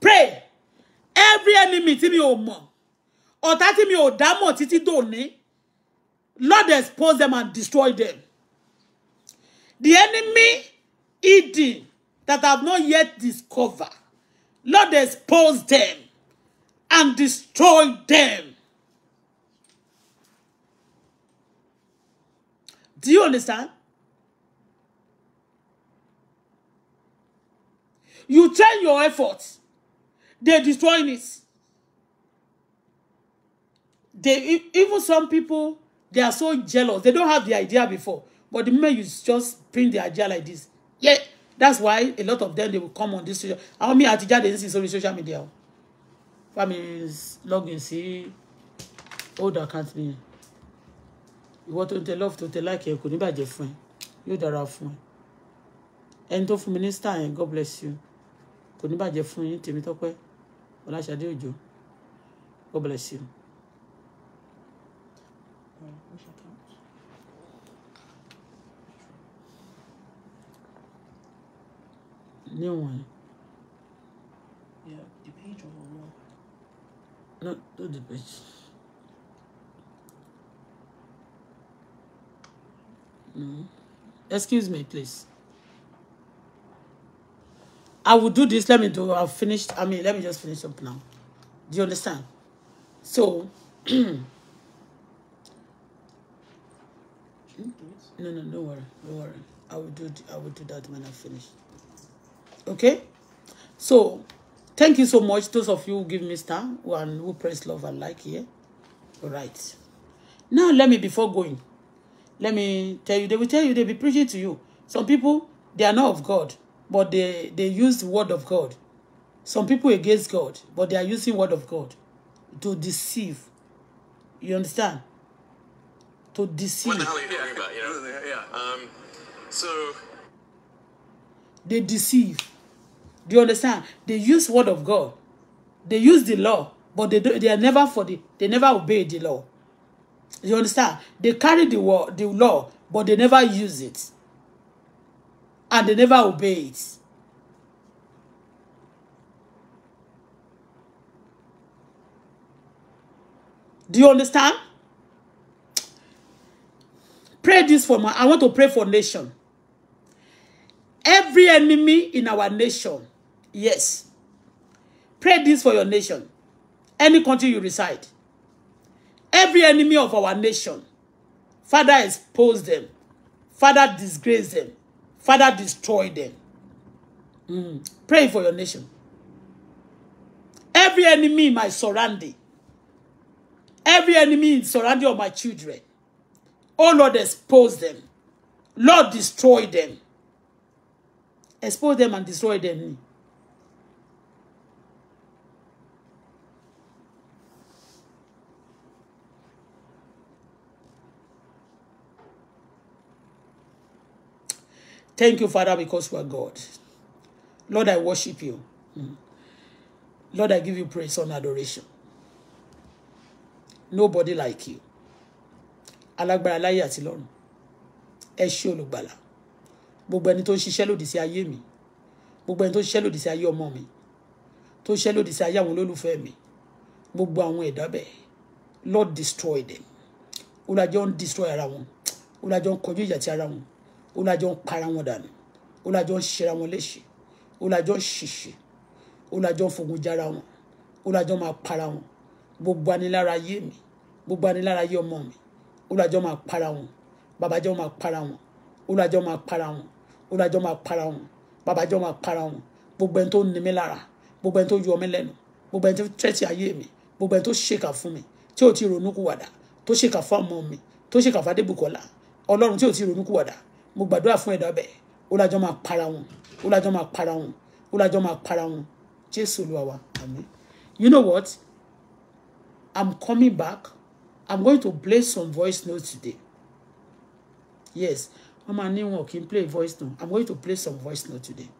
Pray. Every enemy tí mi or mọ̀. Ọ̀tá tí mi ò dámọ̀ títí dòní. Lord expose them and destroy them. The enemy hidden that I have not yet discovered. Lord expose them and destroy them. Do you understand? You change your efforts. They destroying it. They e, even some people they are so jealous. They don't have the idea before, but the moment you just bring the idea like this, yeah, that's why a lot of them they will come on this social. Àwọn mi àti jáde sí sórí social media o. Families login sí old account me. You want to tell love to tell like you kò ní bàjẹ́ friend, ẹ. the dára one. ẹ. of minister and God bless you kò ní bàjẹ́ fún yín tèmi tọ́pẹ́ ọláṣadé òjò God bless you. níwọ̀n yeah, the page or what? No, the page. No. Excuse me, please. I will do this. Let me do. I've finished. I mean, let me just finish up now. Do you understand? So, no, no, don't worry, don't worry. I will do. I will do that when I finish. Okay. So, thank you so much, those of you who give me star one who press love and like here. All right. Now, let me before going, let me tell you. They will tell you. They will be preaching to you. Some people they are not of God but they, they use the word of God. Some people against God, but they are using word of God to deceive. You understand? To deceive. What the hell are you talking about? yeah. Um, so they deceive. Do you understand? They use word of God. They use the law, but they do, they are never for the they never obey the law. You understand? They carry the word, the law, but they never use it. and they never obey it. Do you understand? Pray this for my, I want to pray for nation. Every enemy in our nation, yes. Pray this for your nation. Any country you reside. Every enemy of our nation, Father expose them. Father disgrace them. Father, destroy them. Mm. Pray for your nation. Every enemy in my surrounding, every enemy in surrounding of my children, oh Lord, expose them. Lord, destroy them. Expose them and destroy them. Thank you, Father, because you are God. Lord, I worship you. Lord, I give you praise and adoration. Nobody like you. Alagbara láyé ati lọ́run. E ṣé olùgbàlà. Gbogbo ẹni tó ń ṣiṣẹ́ lòdì sí ayé mi. Gbogbo ẹni tó ń ṣiṣẹ́ lòdì sí ayé mi. Tó ń ṣiṣẹ́ lòdì sí ayé àwọn mi. Gbogbo àwọn ẹ̀dá Lord destroy them. Olùdájọ́ ń destroy ara wọn. Olùdájọ́ ń kọjú ìjà ti ara wọn ó lájọ ń para wọn dànù ó lájọ ń ṣera wọn léṣe ó lájọ ń ṣìṣe ó lájọ ń fogun jára wọn ó lájọ máa para wọn gbogbo anilára ayé mi gbogbo anilára ayé ọmọ mi ó lájọ máa para wọn babajọ máa para wọn ó lájọ máa para wọn ó lájọ máa para wọn babajọ máa para wọn gbogbo ẹni tó ní mi lára gbogbo ẹni tó yọ mí lẹ́nu gbogbo ẹni tó tẹ́tí ayé mi gbogbo ẹni tó ṣèkà fún mi tí ò ti ronú kúwàdà tó ṣèkà fún ọmọ mi tó ṣèkà fún Adébùkọ́lá Ọlọ́run tí ò ti ronú kúwàdà mo gbàdúrà fún ẹ̀dá bẹ́ẹ̀ ó lájọ́ máa para wọn ó lájọ́ máa para wọn ó lájọ́ máa para wọn jésù olúwa wa àmín you know what i'm coming back i'm going to play some voice notes today yes wọ́n máa ní wọn kì í play voice note i'm going to play some voice note today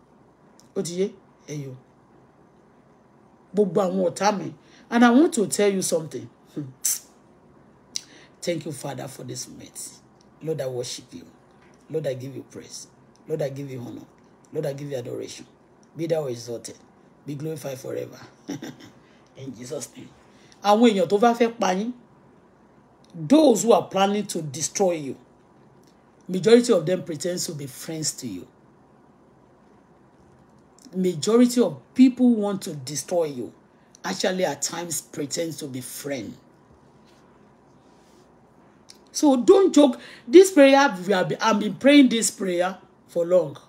ó ti yé ẹ̀yọ́ gbogbo àwọn ọ̀tá mi and i want to tell you something hmm. thank you father for this moment lord i worship you Lord, I give you praise. Lord, I give you honor. Lord, I give you adoration. Be thou exalted. Be glorified forever. In Jesus' name. Àwọn èèyàn tó bá fẹ́ those who are planning to destroy you, majority of them pretend to be friends to you. Majority of people who want to destroy you actually at times pretend to be friends. So don't joke. This prayer, we been, I've been praying this prayer for long.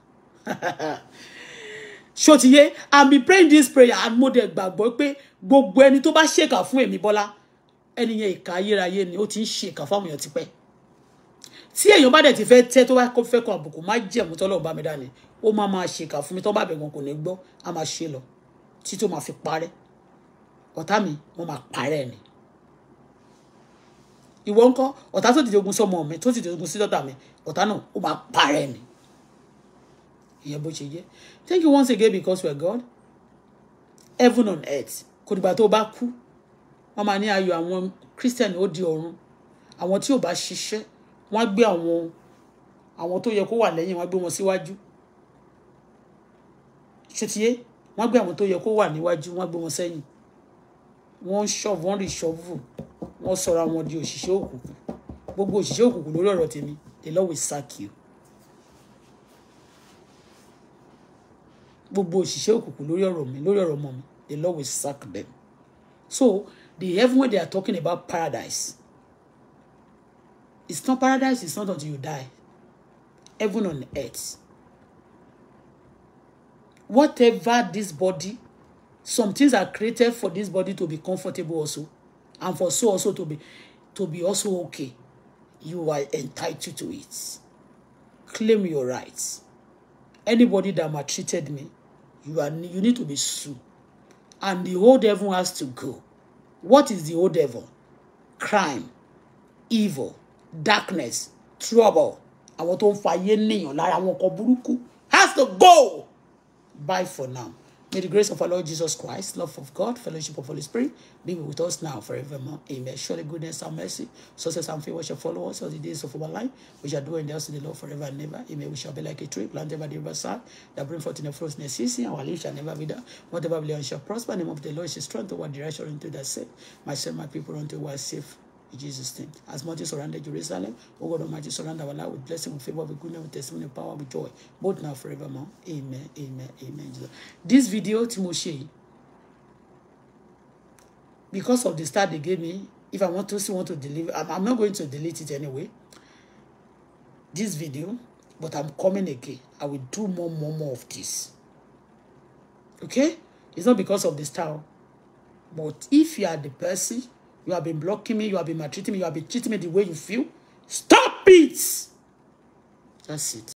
Ṣòtìyé, I've been praying this prayer and mo dẹ̀ gbàgbọ́ pé gbogbo ẹni tó bá ṣèkà fún èmi Bọ́lá ẹni yẹn ìkà ayérayé ni ó ti ń ṣèkà fáwọn èèyàn tipẹ́. Tí èèyàn bá dẹ̀ ti fẹ́ tẹ́ tó bá fẹ́ kan àbùkù má jẹ̀mú tọ́lọ́ bá mi dání, ó máa máa ṣèkà fún mi to bá bẹ̀ gan kò ní gbọ́, á máa ṣe lọ títí ó fi parẹ́. Ọ̀tá mo máa parẹ́ ni ìwọ ńkọ́ ọ̀tá tó dìde ogun sọmọ mi tó dìde ogun sí dọ́tà mi ọ̀tá náà ó máa parẹ́ ni ìyẹn bó ṣe jẹ́ thank you once again because we are God heaven on earth kò dìgbà tó o bá kú wọ́n máa ní ayọ̀ àwọn christian ó di ọ̀run àwọn tí ò bá ṣiṣẹ́ wọ́n á gbé àwọn àwọn tó yẹ kó wà lẹ́yìn wọ́n á gbé wọn síwájú ṣètìyé wọ́n á gbé àwọn tó yẹ kó wà níwájú wọ́n á gbé wọn sẹ́yìn wọ́n ń ṣọ̀fù wọ́n rì ṣọ̀fù wọ́n sọra wọn di òṣìṣẹ́ òkùnkùn gbogbo òṣìṣẹ́ òkùnkùn lórí ọ̀rọ̀ tèmi they love will sack you gbogbo òṣìṣẹ́ òkùnkùn lórí ọ̀rọ̀ mi lórí ọ̀rọ̀ ọmọ mi they love will sack them so the heaven when they are talking about paradise it's not paradise it's not until you die heaven on earth whatever this body some things are created for this body to be comfortable also and for so also to be to be also okay you are entitled to it claim your rights anybody that maltreated me you are you need to be sued and the old devil has to go what is the old devil crime evil darkness trouble àwọn tó ń fa ayé níyàn lára àwọn ọkọ burúkú has to go bye for now. May the grace of our Lord Jesus Christ, love of God, fellowship of Holy Spirit be with us now forevermore. Amen. Surely goodness and mercy, success and favor shall follow us all the days of our life. We shall dwell in the house of the Lord forever and ever. Amen. We shall be like a tree planted by the riverside that bring forth in the fruits in the season. Our leaves shall never wither. Whatever we learn shall prosper. In the name of the Lord is strength toward direction unto the safe. son, my people, unto who are safe. In Jesus' name. As much as surrounded Jerusalem, O God Almighty, surround our life with blessing, with favor, with goodness, with testimony, with power, with joy, both now forevermore. Amen, amen, amen. Jesus. This video, Timoshe, because of the start they gave me, if I want to still want to deliver, I'm, I'm not going to delete it anyway. This video, but I'm coming again. I will do more, more, more of this. Okay? It's not because of the style. But if you are the person You have been blocking me. You have been maltreating me. You have been cheating me the way you feel. Stop it. That's it.